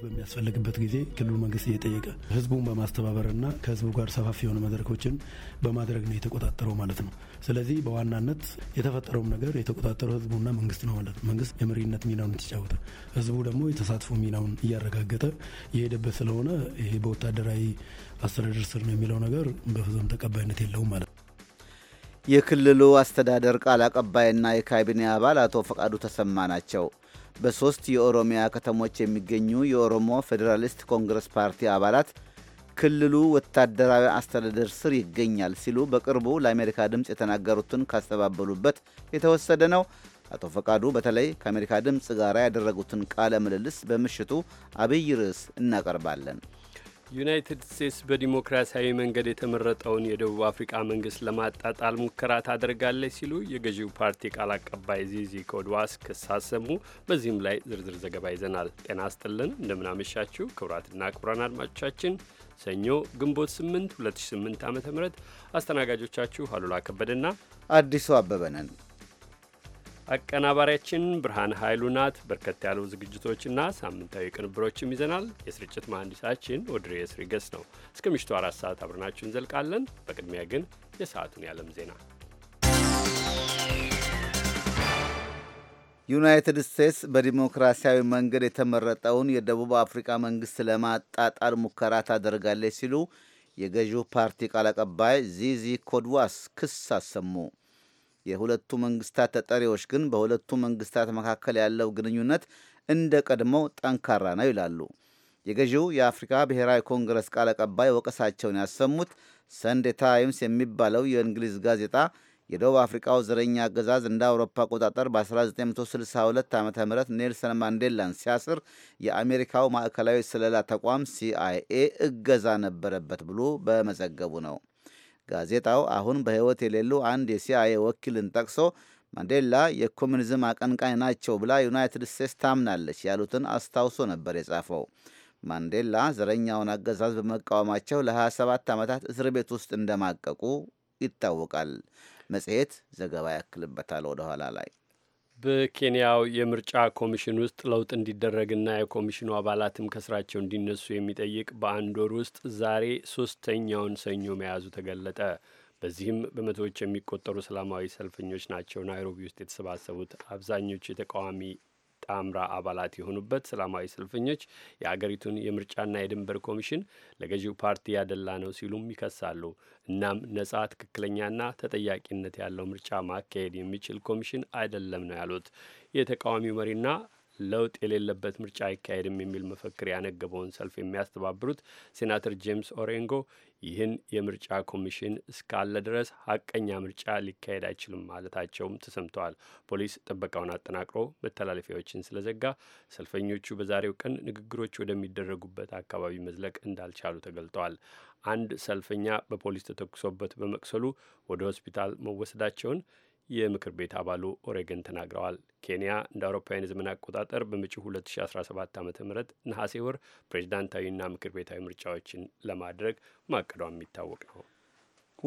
ድጋፍ በሚያስፈልግበት ጊዜ ክልሉ መንግስት እየጠየቀ ህዝቡን በማስተባበርና ከህዝቡ ጋር ሰፋፊ የሆነ መድረኮችን በማድረግ ነው የተቆጣጠረው ማለት ነው። ስለዚህ በዋናነት የተፈጠረውም ነገር የተቆጣጠረው ህዝቡና መንግስት ነው ማለት ነው። መንግስት የመሪነት ሚናውን የተጫወተ፣ ህዝቡ ደግሞ የተሳትፎ ሚናውን እያረጋገጠ የሄደበት ስለሆነ ይሄ በወታደራዊ አስተዳደር ስር ነው የሚለው ነገር በፍጹም ተቀባይነት የለውም ማለት ነው። የክልሉ አስተዳደር ቃል አቀባይና የካቢኔ አባል አቶ ፈቃዱ ተሰማ ናቸው። በሦስት የኦሮሚያ ከተሞች የሚገኙ የኦሮሞ ፌዴራሊስት ኮንግረስ ፓርቲ አባላት ክልሉ ወታደራዊ አስተዳደር ስር ይገኛል ሲሉ በቅርቡ ለአሜሪካ ድምፅ የተናገሩትን ካስተባበሉበት የተወሰደ ነው። አቶ ፈቃዱ በተለይ ከአሜሪካ ድምፅ ጋር ያደረጉትን ቃለ ምልልስ በምሽቱ አብይ ርዕስ እናቀርባለን። ዩናይትድ ስቴትስ በዲሞክራሲያዊ መንገድ የተመረጠውን የደቡብ አፍሪካ መንግስት ለማጣጣል ሙከራ ታደርጋለች ሲሉ የገዢው ፓርቲ ቃል አቀባይ ዚዚ ኮድዋስ ክስ አሰሙ። በዚህም ላይ ዝርዝር ዘገባ ይዘናል። ጤና አስጥልን እንደምናመሻችሁ ክቡራትና ክቡራን አድማጮቻችን ሰኞ ግንቦት 8 2008 ዓ ም አስተናጋጆቻችሁ አሉላ ከበደና አዲሱ አበበ ነን። አቀናባሪያችን ብርሃን ኃይሉ ናት። በርከት ያሉ ዝግጅቶችና ሳምንታዊ ቅንብሮችም ይዘናል። የስርጭት መሐንዲሳችን ኦድሬስ ሪገስ ነው። እስከ ምሽቱ አራት ሰዓት አብረናችሁ እንዘልቃለን። በቅድሚያ ግን የሰዓቱን ያለም ዜና ዩናይትድ ስቴትስ በዲሞክራሲያዊ መንገድ የተመረጠውን የደቡብ አፍሪካ መንግስት ለማጣጣል ሙከራ ታደርጋለች ሲሉ የገዢው ፓርቲ ቃል አቀባይ ዚዚ ኮድዋስ ክስ አሰሙ። የሁለቱ መንግስታት ተጠሪዎች ግን በሁለቱ መንግስታት መካከል ያለው ግንኙነት እንደ ቀድሞው ጠንካራ ነው ይላሉ። የገዢው የአፍሪካ ብሔራዊ ኮንግረስ ቃል አቀባይ ወቀሳቸውን ያሰሙት ሰንዴ ታይምስ የሚባለው የእንግሊዝ ጋዜጣ የደቡብ አፍሪካው ዘረኛ አገዛዝ እንደ አውሮፓ አቆጣጠር በ1962 ዓ ም ኔልሰን ማንዴላን ሲያስር የአሜሪካው ማዕከላዊ ስለላ ተቋም ሲአይኤ እገዛ ነበረበት ብሎ በመዘገቡ ነው። ጋዜጣው አሁን በሕይወት የሌሉ አንድ የሲአይኤ ወኪልን ጠቅሶ ማንዴላ የኮሚኒዝም አቀንቃኝ ናቸው ብላ ዩናይትድ ስቴትስ ታምናለች ያሉትን አስታውሶ ነበር የጻፈው። ማንዴላ ዘረኛውን አገዛዝ በመቃወማቸው ለ27 ዓመታት እስር ቤት ውስጥ እንደማቀቁ ይታወቃል። መጽሔት ዘገባ ያክልበታል ወደኋላ ላይ በኬንያው የምርጫ ኮሚሽን ውስጥ ለውጥ እንዲደረግና የኮሚሽኑ አባላትም ከስራቸው እንዲነሱ የሚጠይቅ በአንድ ወር ውስጥ ዛሬ ሶስተኛውን ሰኞ መያዙ ተገለጠ። በዚህም በመቶዎች የሚቆጠሩ ሰላማዊ ሰልፈኞች ናቸው ናይሮቢ ውስጥ የተሰባሰቡት። አብዛኞቹ የተቃዋሚ ጣምራ አባላት የሆኑበት ሰላማዊ ሰልፈኞች የአገሪቱን የምርጫና የድንበር ኮሚሽን ለገዢው ፓርቲ ያደላ ነው ሲሉም ይከሳሉ። እናም ነጻ ትክክለኛና ተጠያቂነት ያለው ምርጫ ማካሄድ የሚችል ኮሚሽን አይደለም ነው ያሉት የተቃዋሚው መሪና ለውጥ የሌለበት ምርጫ አይካሄድም የሚል መፈክር ያነገበውን ሰልፍ የሚያስተባብሩት ሴናተር ጄምስ ኦሬንጎ ይህን የምርጫ ኮሚሽን እስካለ ድረስ ሀቀኛ ምርጫ ሊካሄድ አይችልም ማለታቸውም ተሰምተዋል። ፖሊስ ጥበቃውን አጠናቅሮ መተላለፊያዎችን ስለዘጋ ሰልፈኞቹ በዛሬው ቀን ንግግሮች ወደሚደረጉበት አካባቢ መዝለቅ እንዳልቻሉ ተገልጠዋል። አንድ ሰልፈኛ በፖሊስ ተተኩሶበት በመቅሰሉ ወደ ሆስፒታል መወሰዳቸውን የምክር ቤት አባሉ ኦሬገን ተናግረዋል። ኬንያ እንደ አውሮፓውያን የዘመን አቆጣጠር በመጪው 2017 ዓ ም ነሐሴ ወር ፕሬዚዳንታዊና ምክር ቤታዊ ምርጫዎችን ለማድረግ ማቀዷ የሚታወቅ ነው።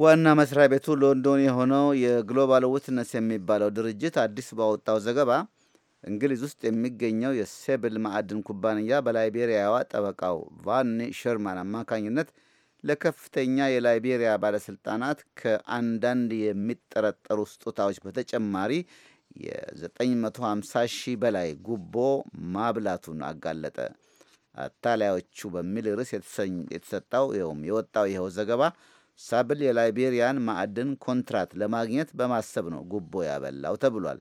ዋና መስሪያ ቤቱ ሎንዶን የሆነው የግሎባል ዊትነስ የሚባለው ድርጅት አዲስ ባወጣው ዘገባ እንግሊዝ ውስጥ የሚገኘው የሴብል ማዕድን ኩባንያ በላይቤሪያዋ ጠበቃው ቫኒ ሸርማን አማካኝነት ለከፍተኛ የላይቤሪያ ባለስልጣናት ከአንዳንድ የሚጠረጠሩ ስጦታዎች በተጨማሪ የ950 ሺህ በላይ ጉቦ ማብላቱን አጋለጠ። አታላዮቹ በሚል ርዕስ የተሰጠው ይኸውም የወጣው ይኸው ዘገባ ሳብል የላይቤሪያን ማዕድን ኮንትራት ለማግኘት በማሰብ ነው ጉቦ ያበላው ተብሏል።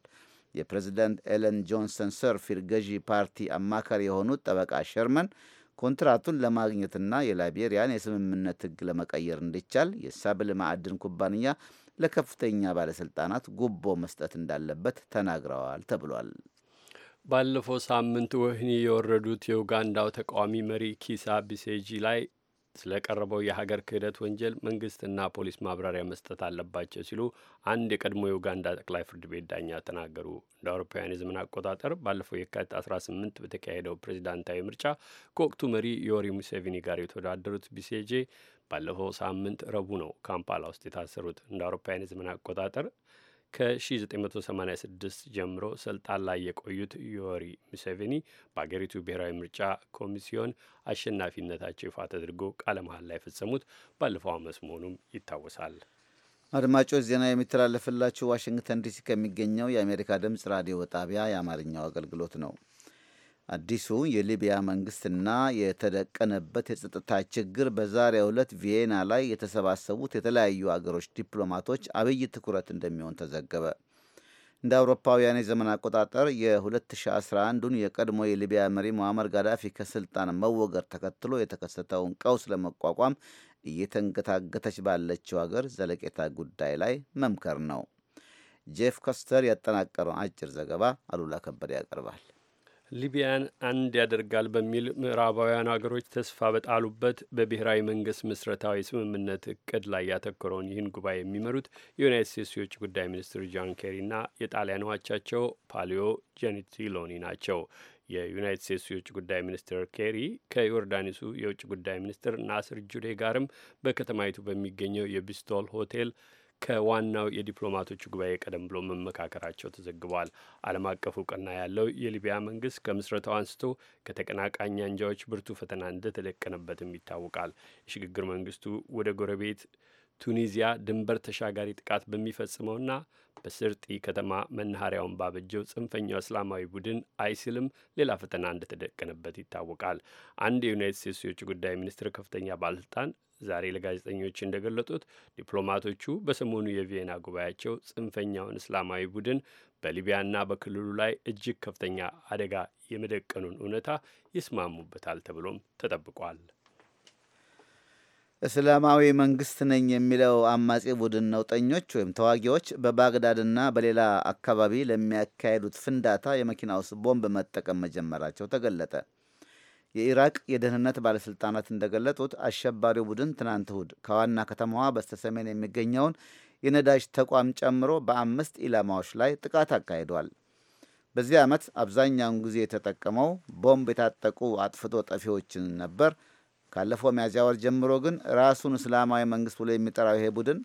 የፕሬዚደንት ኤለን ጆንሰን ሰርፊል ገዢ ፓርቲ አማካሪ የሆኑት ጠበቃ ሸርመን ኮንትራቱን ለማግኘትና የላይቤሪያን የስምምነት ህግ ለመቀየር እንዲቻል የሳብል ማዕድን ኩባንያ ለከፍተኛ ባለስልጣናት ጉቦ መስጠት እንዳለበት ተናግረዋል ተብሏል። ባለፈው ሳምንት ወህኒ የወረዱት የኡጋንዳው ተቃዋሚ መሪ ኪሳ ቢሴጂ ላይ ስለቀረበው የሀገር ክህደት ወንጀል መንግስትና ፖሊስ ማብራሪያ መስጠት አለባቸው ሲሉ አንድ የቀድሞ የኡጋንዳ ጠቅላይ ፍርድ ቤት ዳኛ ተናገሩ። እንደ አውሮፓውያን የዘመን አቆጣጠር ባለፈው የካቲት 18 በተካሄደው ፕሬዚዳንታዊ ምርጫ ከወቅቱ መሪ ዮሪ ሙሴቪኒ ጋር የተወዳደሩት ቢሴጄ ባለፈው ሳምንት ረቡ ነው ካምፓላ ውስጥ የታሰሩት። እንደ አውሮፓውያን የዘመን አቆጣጠር ከ1986 ጀምሮ ስልጣን ላይ የቆዩት ዮሪ ሙሴቬኒ በአገሪቱ ብሔራዊ ምርጫ ኮሚሲዮን አሸናፊነታቸው ይፋ ተደርጎ ቃለ መሀል ላይ የፈጸሙት ባለፈው ዓመት መሆኑም ይታወሳል። አድማጮች ዜና የሚተላለፍላችሁ ዋሽንግተን ዲሲ ከሚገኘው የአሜሪካ ድምፅ ራዲዮ ጣቢያ የአማርኛው አገልግሎት ነው። አዲሱ የሊቢያ መንግስትና የተደቀነበት የጸጥታ ችግር በዛሬው ዕለት ቪዬና ላይ የተሰባሰቡት የተለያዩ አገሮች ዲፕሎማቶች አብይ ትኩረት እንደሚሆን ተዘገበ። እንደ አውሮፓውያን የዘመን አቆጣጠር የ2011ን የቀድሞ የሊቢያ መሪ ሙአመር ጋዳፊ ከስልጣን መወገድ ተከትሎ የተከሰተውን ቀውስ ለመቋቋም እየተንገታገተች ባለችው አገር ዘለቄታ ጉዳይ ላይ መምከር ነው። ጄፍ ኮስተር ያጠናቀረውን አጭር ዘገባ አሉላ ከበደ ያቀርባል። ሊቢያን አንድ ያደርጋል በሚል ምዕራባውያን አገሮች ተስፋ በጣሉበት በብሔራዊ መንግስት ምስረታዊ ስምምነት እቅድ ላይ ያተኮረውን ይህን ጉባኤ የሚመሩት የዩናይት ስቴትስ የውጭ ጉዳይ ሚኒስትር ጆን ኬሪና የጣሊያን ዋቻቸው ፓሊዮ ጀንቲሎኒ ናቸው። የዩናይት ስቴትስ የውጭ ጉዳይ ሚኒስትር ኬሪ ከዮርዳኒሱ የውጭ ጉዳይ ሚኒስትር ናስር ጁዴ ጋርም በከተማይቱ በሚገኘው የቢስቶል ሆቴል ከዋናው የዲፕሎማቶቹ ጉባኤ ቀደም ብሎ መመካከራቸው ተዘግቧል። ዓለም አቀፍ እውቅና ያለው የሊቢያ መንግስት ከምስረታው አንስቶ ከተቀናቃኝ አንጃዎች ብርቱ ፈተና እንደተደቀነበትም ይታወቃል። የሽግግር መንግስቱ ወደ ጎረቤት ቱኒዚያ ድንበር ተሻጋሪ ጥቃት በሚፈጽመውና በስርጢ ከተማ መናኸሪያውን ባበጀው ጽንፈኛው እስላማዊ ቡድን አይሲልም ሌላ ፈተና እንደተደቀነበት ይታወቃል። አንድ የዩናይት ስቴትስ የውጭ ጉዳይ ሚኒስትር ከፍተኛ ባለስልጣን ዛሬ ለጋዜጠኞች እንደገለጡት ዲፕሎማቶቹ በሰሞኑ የቪየና ጉባኤያቸው ጽንፈኛውን እስላማዊ ቡድን በሊቢያና በክልሉ ላይ እጅግ ከፍተኛ አደጋ የመደቀኑን እውነታ ይስማሙበታል ተብሎም ተጠብቋል። እስላማዊ መንግስት ነኝ የሚለው አማጺ ቡድን ነውጠኞች ወይም ተዋጊዎች በባግዳድና በሌላ አካባቢ ለሚያካሄዱት ፍንዳታ የመኪና ውስጥ ቦምብ መጠቀም መጀመራቸው ተገለጠ። የኢራቅ የደህንነት ባለሥልጣናት እንደገለጡት አሸባሪው ቡድን ትናንት እሁድ ከዋና ከተማዋ በስተሰሜን የሚገኘውን የነዳጅ ተቋም ጨምሮ በአምስት ኢላማዎች ላይ ጥቃት አካሂዷል። በዚህ ዓመት አብዛኛውን ጊዜ የተጠቀመው ቦምብ የታጠቁ አጥፍቶ ጠፊዎችን ነበር። ካለፈው ሚያዝያ ወር ጀምሮ ግን ራሱን እስላማዊ መንግሥት ብሎ የሚጠራው ይሄ ቡድን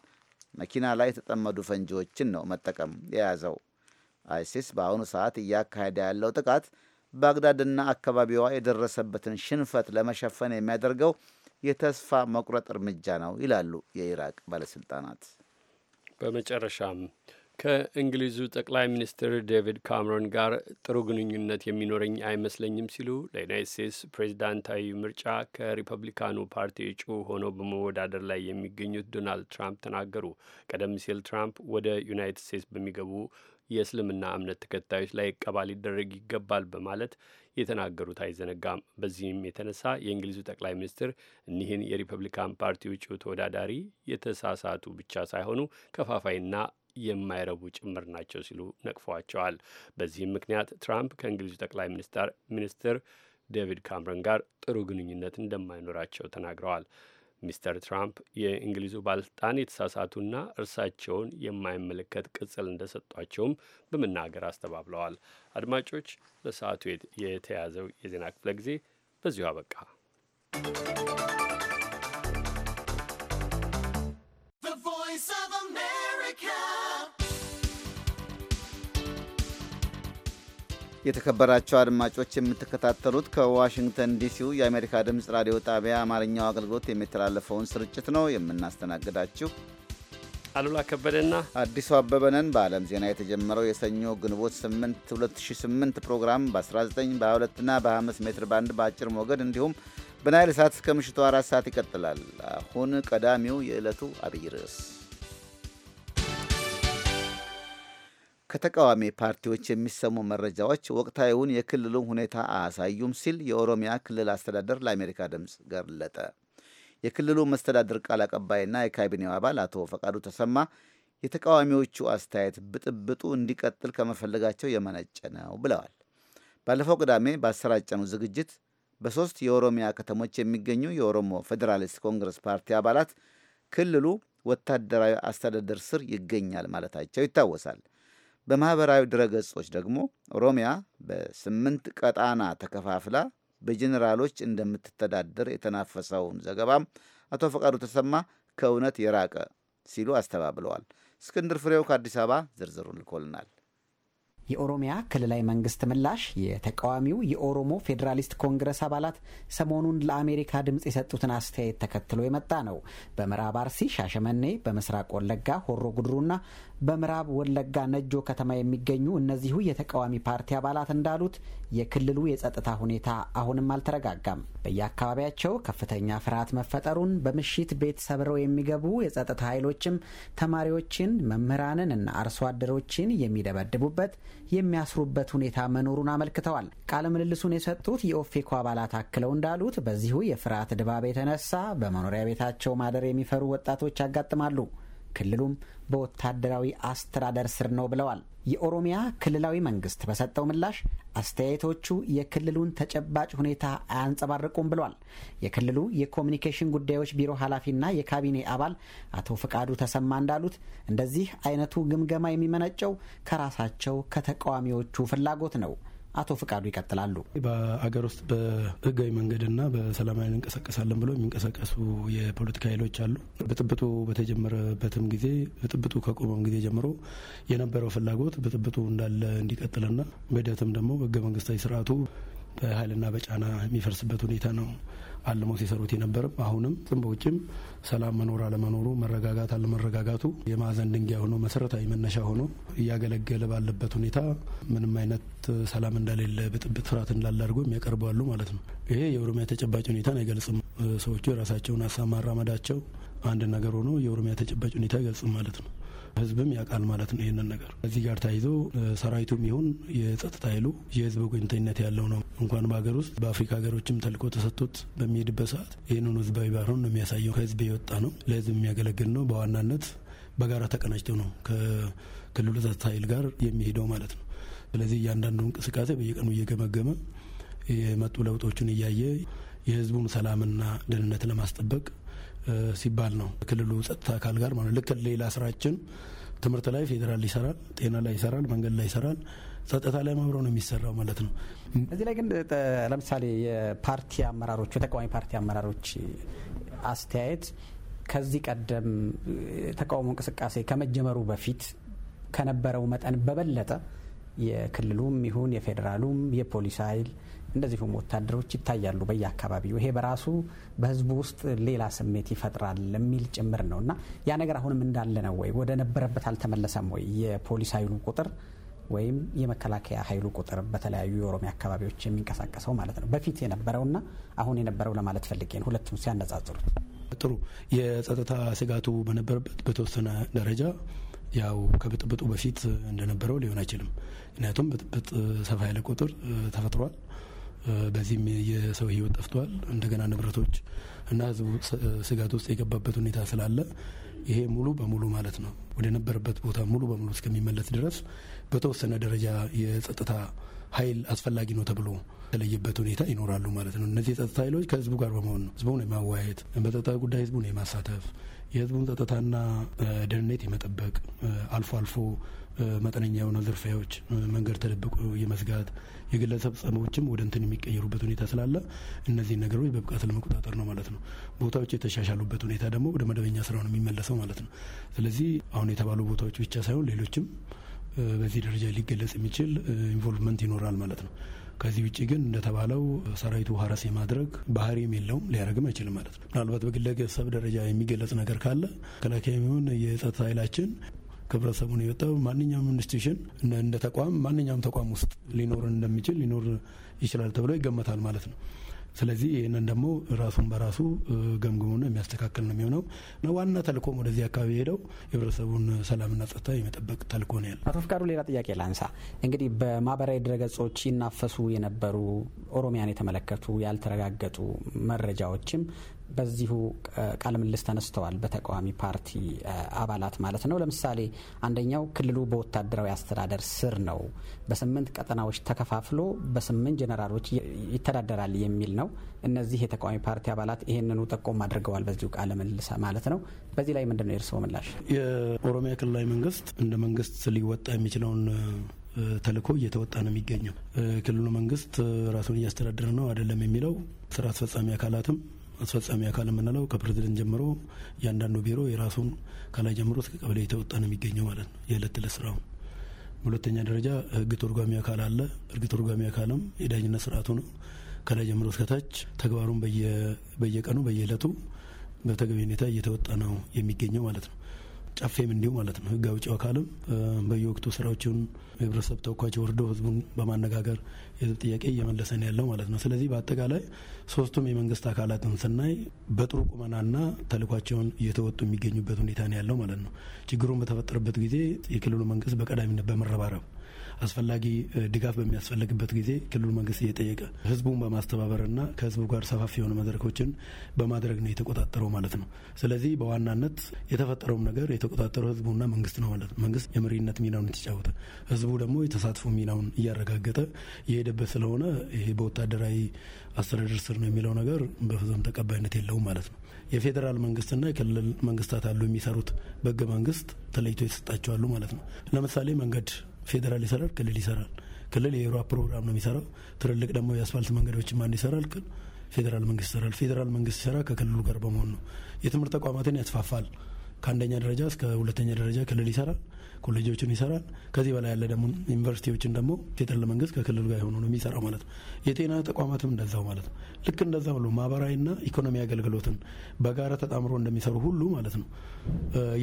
መኪና ላይ የተጠመዱ ፈንጂዎችን ነው መጠቀም የያዘው። አይሲስ በአሁኑ ሰዓት እያካሄደ ያለው ጥቃት ባግዳድና አካባቢዋ የደረሰበትን ሽንፈት ለመሸፈን የሚያደርገው የተስፋ መቁረጥ እርምጃ ነው ይላሉ የኢራቅ ባለስልጣናት። በመጨረሻም ከእንግሊዙ ጠቅላይ ሚኒስትር ዴቪድ ካምሮን ጋር ጥሩ ግንኙነት የሚኖረኝ አይመስለኝም ሲሉ ለዩናይት ስቴትስ ፕሬዚዳንታዊ ምርጫ ከሪፐብሊካኑ ፓርቲ እጩ ሆነው በመወዳደር ላይ የሚገኙት ዶናልድ ትራምፕ ተናገሩ። ቀደም ሲል ትራምፕ ወደ ዩናይትድ ስቴትስ በሚገቡ የእስልምና እምነት ተከታዮች ላይ እቀባ ሊደረግ ይገባል በማለት የተናገሩት አይዘነጋም። በዚህም የተነሳ የእንግሊዙ ጠቅላይ ሚኒስትር እኒህን የሪፐብሊካን ፓርቲ ውጪው ተወዳዳሪ የተሳሳቱ ብቻ ሳይሆኑ ከፋፋይና የማይረቡ ጭምር ናቸው ሲሉ ነቅፏቸዋል። በዚህም ምክንያት ትራምፕ ከእንግሊዙ ጠቅላይ ሚኒስትር ዴቪድ ካምረን ጋር ጥሩ ግንኙነት እንደማይኖራቸው ተናግረዋል። ሚስተር ትራምፕ የእንግሊዙ ባለስልጣን የተሳሳቱና እርሳቸውን የማይመለከት ቅጽል እንደሰጧቸውም በመናገር አስተባብለዋል። አድማጮች፣ ለሰዓቱ የተያዘው የዜና ክፍለ ጊዜ በዚሁ አበቃ። የተከበራቸው አድማጮች የምትከታተሉት ከዋሽንግተን ዲሲው የአሜሪካ ድምፅ ራዲዮ ጣቢያ አማርኛው አገልግሎት የሚተላለፈውን ስርጭት ነው። የምናስተናግዳችሁ አሉላ ከበደና አዲሱ አበበነን። በዓለም ዜና የተጀመረው የሰኞ ግንቦት 8 2008 ፕሮግራም በ19 በ22ና በ25 ሜትር ባንድ በአጭር ሞገድ እንዲሁም በናይል ሰዓት እስከ ምሽቱ አራት ሰዓት ይቀጥላል። አሁን ቀዳሚው የዕለቱ አብይ ርዕስ ከተቃዋሚ ፓርቲዎች የሚሰሙ መረጃዎች ወቅታዊውን የክልሉን ሁኔታ አያሳዩም ሲል የኦሮሚያ ክልል አስተዳደር ለአሜሪካ ድምፅ ገለጠ። የክልሉ መስተዳድር ቃል አቀባይና የካቢኔው አባል አቶ ፈቃዱ ተሰማ የተቃዋሚዎቹ አስተያየት ብጥብጡ እንዲቀጥል ከመፈለጋቸው የመነጨ ነው ብለዋል። ባለፈው ቅዳሜ ባሰራጨነው ዝግጅት በሦስት የኦሮሚያ ከተሞች የሚገኙ የኦሮሞ ፌዴራሊስት ኮንግረስ ፓርቲ አባላት ክልሉ ወታደራዊ አስተዳደር ስር ይገኛል ማለታቸው ይታወሳል። በማኅበራዊ ድረገጾች ደግሞ ኦሮሚያ በስምንት ቀጣና ተከፋፍላ በጀኔራሎች እንደምትተዳደር የተናፈሰውን ዘገባም አቶ ፈቃዱ ተሰማ ከእውነት የራቀ ሲሉ አስተባብለዋል። እስክንድር ፍሬው ከአዲስ አበባ ዝርዝሩን ልኮልናል። የኦሮሚያ ክልላዊ መንግስት ምላሽ የተቃዋሚው የኦሮሞ ፌዴራሊስት ኮንግረስ አባላት ሰሞኑን ለአሜሪካ ድምፅ የሰጡትን አስተያየት ተከትሎ የመጣ ነው። በምዕራብ አርሲ ሻሸመኔ፣ በምስራቅ ወለጋ ሆሮ ጉድሩና በምዕራብ ወለጋ ነጆ ከተማ የሚገኙ እነዚሁ የተቃዋሚ ፓርቲ አባላት እንዳሉት የክልሉ የጸጥታ ሁኔታ አሁንም አልተረጋጋም። በየአካባቢያቸው ከፍተኛ ፍርሃት መፈጠሩን በምሽት ቤት ሰብረው የሚገቡ የጸጥታ ኃይሎችም ተማሪዎችን፣ መምህራንን እና አርሶ አደሮችን የሚደበድቡበት የሚያስሩበት ሁኔታ መኖሩን አመልክተዋል። ቃለ ምልልሱን የሰጡት የኦፌኮ አባላት አክለው እንዳሉት በዚሁ የፍርሃት ድባብ የተነሳ በመኖሪያ ቤታቸው ማደር የሚፈሩ ወጣቶች ያጋጥማሉ። ክልሉም በወታደራዊ አስተዳደር ስር ነው ብለዋል። የኦሮሚያ ክልላዊ መንግስት በሰጠው ምላሽ አስተያየቶቹ የክልሉን ተጨባጭ ሁኔታ አያንጸባርቁም ብሏል። የክልሉ የኮሚኒኬሽን ጉዳዮች ቢሮ ኃላፊና የካቢኔ አባል አቶ ፍቃዱ ተሰማ እንዳሉት እንደዚህ አይነቱ ግምገማ የሚመነጨው ከራሳቸው ከተቃዋሚዎቹ ፍላጎት ነው። አቶ ፍቃዱ ይቀጥላሉ። በአገር ውስጥ በህጋዊ መንገድና በሰላማዊ እንቀሳቀሳለን ብለው የሚንቀሳቀሱ የፖለቲካ ኃይሎች አሉ። ብጥብጡ በተጀመረበትም ጊዜ ብጥብጡ ከቆመም ጊዜ ጀምሮ የነበረው ፍላጎት ብጥብጡ እንዳለ እንዲቀጥልና በሂደትም ደግሞ ህገ መንግስታዊ ስርዓቱ በኃይልና በጫና የሚፈርስበት ሁኔታ ነው አልመው ሲሰሩት የነበርም አሁንም በውጭም ሰላም መኖር አለመኖሩ፣ መረጋጋት አለመረጋጋቱ የማዕዘን ድንጋይ ሆኖ መሰረታዊ መነሻ ሆኖ እያገለገለ ባለበት ሁኔታ ምንም አይነት ሰላም እንደሌለ፣ ብጥብጥ፣ ፍርሃት እንዳለ አድርጎ የሚያቀርቡ ማለት ነው። ይሄ የኦሮሚያ ተጨባጭ ሁኔታን አይገልጽም። ሰዎቹ የራሳቸውን ሀሳብ ማራመዳቸው አንድ ነገር ሆኖ የኦሮሚያ ተጨባጭ ሁኔታ አይገልጽም ማለት ነው። ህዝብም ያውቃል ማለት ነው። ይህንን ነገር እዚህ ጋር ታይዞ ሰራዊቱም ይሁን የጸጥታ ኃይሉ የህዝብ ወገኝተኝነት ያለው ነው። እንኳን በሀገር ውስጥ በአፍሪካ ሀገሮችም ተልእኮ ተሰጥቶት በሚሄድበት ሰዓት ይህንን ህዝባዊ ባህሩን ነው የሚያሳየው። ከህዝብ የወጣ ነው፣ ለህዝብ የሚያገለግል ነው። በዋናነት በጋራ ተቀናጅተው ነው ከክልሉ ጸጥታ ኃይል ጋር የሚሄደው ማለት ነው። ስለዚህ እያንዳንዱ እንቅስቃሴ በየቀኑ እየገመገመ የመጡ ለውጦችን እያየ የህዝቡን ሰላምና ደህንነት ለማስጠበቅ ሲባል ነው ክልሉ ጸጥታ አካል ጋር ማለት ልክ ሌላ ስራችን ትምህርት ላይ ፌዴራል ይሰራል፣ ጤና ላይ ይሰራል፣ መንገድ ላይ ይሰራል፣ ጸጥታ ላይ ማብረው ነው የሚሰራው ማለት ነው። እዚህ ላይ ግን ለምሳሌ የፓርቲ አመራሮች የተቃዋሚ ፓርቲ አመራሮች አስተያየት ከዚህ ቀደም ተቃውሞ እንቅስቃሴ ከመጀመሩ በፊት ከነበረው መጠን በበለጠ የክልሉም ይሁን የፌዴራሉም የፖሊስ ኃይል እንደዚሁም ወታደሮች ይታያሉ በየአካባቢው። ይሄ በራሱ በህዝቡ ውስጥ ሌላ ስሜት ይፈጥራል የሚል ጭምር ነው እና ያ ነገር አሁንም እንዳለ ነው ወይ? ወደ ነበረበት አልተመለሰም ወይ? የፖሊስ ኃይሉ ቁጥር ወይም የመከላከያ ኃይሉ ቁጥር በተለያዩ የኦሮሚያ አካባቢዎች የሚንቀሳቀሰው ማለት ነው በፊት የነበረውና አሁን የነበረው ለማለት ፈልጌ ነው። ሁለቱም ሲያነጻጽሩት ጥሩ የጸጥታ ስጋቱ በነበረበት በተወሰነ ደረጃ ያው ከብጥብጡ በፊት እንደነበረው ሊሆን አይችልም። ምክንያቱም ብጥብጥ ሰፋ ያለ ቁጥር ተፈጥሯል። በዚህም የሰው ህይወት ጠፍቷል። እንደገና ንብረቶች እና ህዝቡ ስጋት ውስጥ የገባበት ሁኔታ ስላለ ይሄ ሙሉ በሙሉ ማለት ነው ወደ ነበረበት ቦታ ሙሉ በሙሉ እስከሚመለስ ድረስ በተወሰነ ደረጃ የጸጥታ ኃይል አስፈላጊ ነው ተብሎ የተለየበት ሁኔታ ይኖራሉ ማለት ነው። እነዚህ የጸጥታ ኃይሎች ከህዝቡ ጋር በመሆን ነው ህዝቡን የማወያየት በጸጥታ ጉዳይ ህዝቡን የማሳተፍ የህዝቡን ጸጥታና ደህንነት የመጠበቅ አልፎ አልፎ መጠነኛ የሆነ ዝርፊያዎች፣ መንገድ ተደብቆ የመዝጋት የግለሰብ ጸቦችም ወደ እንትን የሚቀየሩበት ሁኔታ ስላለ እነዚህን ነገሮች በብቃት ለመቆጣጠር ነው ማለት ነው። ቦታዎች የተሻሻሉበት ሁኔታ ደግሞ ወደ መደበኛ ስራ ነው የሚመለሰው ማለት ነው። ስለዚህ አሁን የተባሉ ቦታዎች ብቻ ሳይሆን ሌሎችም በዚህ ደረጃ ሊገለጽ የሚችል ኢንቮልቭመንት ይኖራል ማለት ነው። ከዚህ ውጭ ግን እንደተባለው ሰራዊቱ ሀረስ የማድረግ ባህሪም የለውም፣ ሊያደርግም አይችልም ማለት ነው። ምናልባት በግለሰብ ደረጃ የሚገለጽ ነገር ካለ መከላከያ የጸጥታ ኃይላችን ከህብረተሰቡን የወጣው ማንኛውም ኢንስቲቱሽን እንደ ተቋም ማንኛውም ተቋም ውስጥ ሊኖር እንደሚችል ሊኖር ይችላል ተብሎ ይገመታል ማለት ነው። ስለዚህ ይህንን ደግሞ ራሱን በራሱ ገምግሞና የሚያስተካክል ነው የሚሆነው። ዋና ተልእኮም ወደዚህ አካባቢ ሄደው የህብረተሰቡን ሰላምና ጸጥታ የመጠበቅ ተልእኮ ነው ያለ። አቶ ፍቃዱ፣ ሌላ ጥያቄ ላንሳ። እንግዲህ በማህበራዊ ድረገጾች ይናፈሱ የነበሩ ኦሮሚያን የተመለከቱ ያልተረጋገጡ መረጃዎችም በዚሁ ቃለ ምልልስ ተነስተዋል። በተቃዋሚ ፓርቲ አባላት ማለት ነው። ለምሳሌ አንደኛው ክልሉ በወታደራዊ አስተዳደር ስር ነው፣ በስምንት ቀጠናዎች ተከፋፍሎ በስምንት ጀነራሎች ይተዳደራል የሚል ነው። እነዚህ የተቃዋሚ ፓርቲ አባላት ይህንኑ ጠቆም አድርገዋል በዚሁ ቃለ ምልልስ ማለት ነው። በዚህ ላይ ምንድን ነው የእርስዎ ምላሽ? የኦሮሚያ ክልላዊ መንግስት እንደ መንግስት ሊወጣ የሚችለውን ተልእኮ እየተወጣ ነው የሚገኘው። ክልሉ መንግስት ራሱን እያስተዳደረ ነው አይደለም የሚለው ስራ አስፈጻሚ አካላትም አስፈጻሚ አካል የምንለው ከፕሬዚደንት ጀምሮ እያንዳንዱ ቢሮ የራሱን ከላይ ጀምሮ እስከ ቀበሌ የተወጣ ነው የሚገኘው ማለት ነው የዕለት ተዕለት ስራውን። በሁለተኛ ደረጃ ህግ ተርጓሚ አካል አለ። ህግ ተርጓሚ አካልም የዳኝነት ስርአቱ ነው። ከላይ ጀምሮ እስከታች ተግባሩን በየቀኑ በየዕለቱ በተገቢ ሁኔታ እየተወጣ ነው የሚገኘው ማለት ነው። ጨፌም እንዲሁ ማለት ነው። ህግ አውጪው አካልም በየወቅቱ ስራዎችን የህብረተሰብ ተወካዮች ወርዶ ህዝቡን በማነጋገር የህዝብ ጥያቄ እየመለሰን ያለው ማለት ነው። ስለዚህ በአጠቃላይ ሶስቱም የመንግስት አካላትን ስናይ በጥሩ ቁመናና ተልኳቸውን እየተወጡ የሚገኙበት ሁኔታ ነው ያለው ማለት ነው። ችግሩን በተፈጠረበት ጊዜ የክልሉ መንግስት በቀዳሚነት በመረባረብ አስፈላጊ ድጋፍ በሚያስፈልግበት ጊዜ ክልሉ መንግስት እየጠየቀ ህዝቡን በማስተባበርና ከህዝቡ ጋር ሰፋፊ የሆኑ መድረኮችን በማድረግ ነው የተቆጣጠረው ማለት ነው። ስለዚህ በዋናነት የተፈጠረውም ነገር የተቆጣጠረው ህዝቡና መንግስት ነው ማለት ነው። መንግስት የመሪነት ሚናውን የተጫወተ፣ ህዝቡ ደግሞ የተሳትፎ ሚናውን እያረጋገጠ የሄደበት ስለሆነ ይሄ በወታደራዊ አስተዳደር ስር ነው የሚለው ነገር በፍጹም ተቀባይነት የለውም ማለት ነው። የፌዴራል መንግስትና የክልል መንግስታት አሉ የሚሰሩት በህገ መንግስት ተለይቶ የተሰጣቸዋሉ ማለት ነው። ለምሳሌ መንገድ ፌዴራል ይሰራል፣ ክልል ይሰራል። ክልል የዩራ ፕሮግራም ነው የሚሰራው። ትልልቅ ደግሞ የአስፋልት መንገዶች ማን ይሰራል ፌዴራል መንግስት ይሰራል። ፌዴራል መንግስት ሲሰራ ከክልሉ ጋር በመሆን ነው። የትምህርት ተቋማትን ያስፋፋል። ከአንደኛ ደረጃ እስከ ሁለተኛ ደረጃ ክልል ይሰራል። ኮሌጆችን ይሰራል። ከዚህ በላይ ያለ ደግሞ ዩኒቨርሲቲዎችን ደግሞ ፌደራል መንግስት ከክልል ጋር የሆኑ ነው የሚሰራው ማለት ነው። የጤና ተቋማትም እንደዛው ማለት ነው። ልክ እንደዛ ብሎ ማህበራዊና ኢኮኖሚ አገልግሎትን በጋራ ተጣምሮ እንደሚሰሩ ሁሉ ማለት ነው።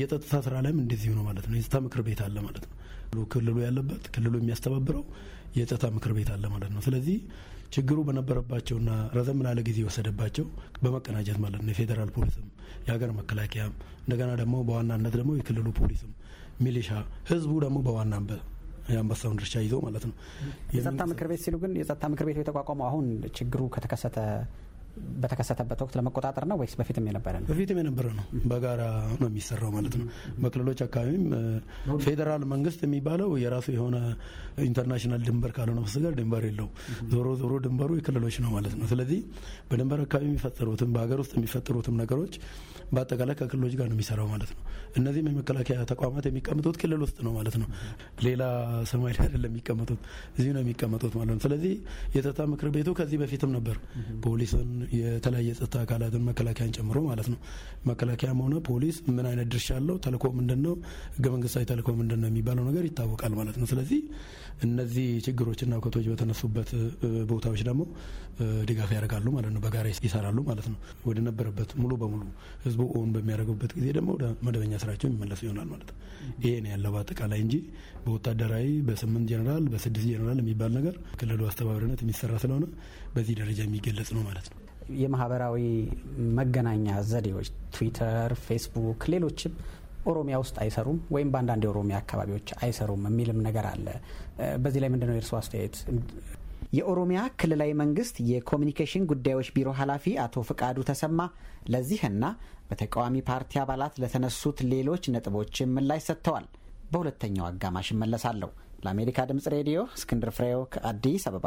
የጸጥታ ስራ ላይም እንደዚሁ ነው ማለት ነው። የጸጥታ ምክር ቤት አለ ማለት ነው። ክልሉ ያለበት ክልሉ የሚያስተባብረው የጸጥታ ምክር ቤት አለ ማለት ነው። ስለዚህ ችግሩ በነበረባቸውና ረዘም ላለ ጊዜ የወሰደባቸው በመቀናጀት ማለት ነው የፌዴራል ፖሊስም የሀገር መከላከያም እንደገና ደግሞ በዋናነት ደግሞ የክልሉ ፖሊስም ሚሊሻ፣ ህዝቡ ደግሞ በዋና የአንበሳውን ድርሻ ይዞ ማለት ነው። የጸጥታ ምክር ቤት ሲሉ ግን የጸጥታ ምክር ቤቱ የተቋቋመው አሁን ችግሩ ከተከሰተ በተከሰተበት ወቅት ለመቆጣጠር ነው ወይስ በፊትም የነበረ ነው? በፊትም የነበረ ነው። በጋራ ነው የሚሰራው ማለት ነው። በክልሎች አካባቢም ፌዴራል መንግስት የሚባለው የራሱ የሆነ ኢንተርናሽናል ድንበር ካልሆነ በስተቀር ድንበር የለው። ዞሮ ዞሮ ድንበሩ የክልሎች ነው ማለት ነው። ስለዚህ በድንበር አካባቢ የሚፈጠሩትም በሀገር ውስጥ የሚፈጠሩትም ነገሮች በአጠቃላይ ከክልሎች ጋር ነው የሚሰራው ማለት ነው። እነዚህም የመከላከያ ተቋማት የሚቀመጡት ክልል ውስጥ ነው ማለት ነው። ሌላ ሰማይ ላይ አይደለም የሚቀመጡት፣ እዚሁ ነው የሚቀመጡት ማለት ነው። ስለዚህ የጸጥታ ምክር ቤቱ ከዚህ በፊትም ነበር ፖሊስን የተለያየ ጸጥታ አካላትን መከላከያን ጨምሮ ማለት ነው። መከላከያም ሆነ ፖሊስ ምን አይነት ድርሻ አለው፣ ተልእኮ ምንድን ነው፣ ህገ መንግስታዊ ተልእኮ ምንድን ነው የሚባለው ነገር ይታወቃል ማለት ነው። ስለዚህ እነዚህ ችግሮችና እውከቶች በተነሱበት ቦታዎች ደግሞ ድጋፍ ያደርጋሉ ማለት ነው። በጋራ ይሰራሉ ማለት ነው። ወደ ነበረበት ሙሉ በሙሉ ህዝቡ ኦን በሚያደርጉበት ጊዜ ደግሞ ወደ መደበኛ ስራቸው የሚመለሱ ይሆናል ማለት ነው። ይሄ ነው ያለው በአጠቃላይ እንጂ በወታደራዊ በስምንት ጀኔራል በስድስት ጀኔራል የሚባል ነገር ክልሉ አስተባባሪነት የሚሰራ ስለሆነ በዚህ ደረጃ የሚገለጽ ነው ማለት ነው። የማህበራዊ መገናኛ ዘዴዎች ትዊተር፣ ፌስቡክ፣ ሌሎችም ኦሮሚያ ውስጥ አይሰሩም ወይም በአንዳንድ የኦሮሚያ አካባቢዎች አይሰሩም የሚልም ነገር አለ። በዚህ ላይ ምንድነው የእርስዎ አስተያየት? የኦሮሚያ ክልላዊ መንግስት የኮሚኒኬሽን ጉዳዮች ቢሮ ኃላፊ አቶ ፍቃዱ ተሰማ ለዚህና በተቃዋሚ ፓርቲ አባላት ለተነሱት ሌሎች ነጥቦችም ምላሽ ሰጥተዋል። በሁለተኛው አጋማሽ እመለሳለሁ። ለአሜሪካ ድምጽ ሬዲዮ እስክንድር ፍሬው ከአዲስ አበባ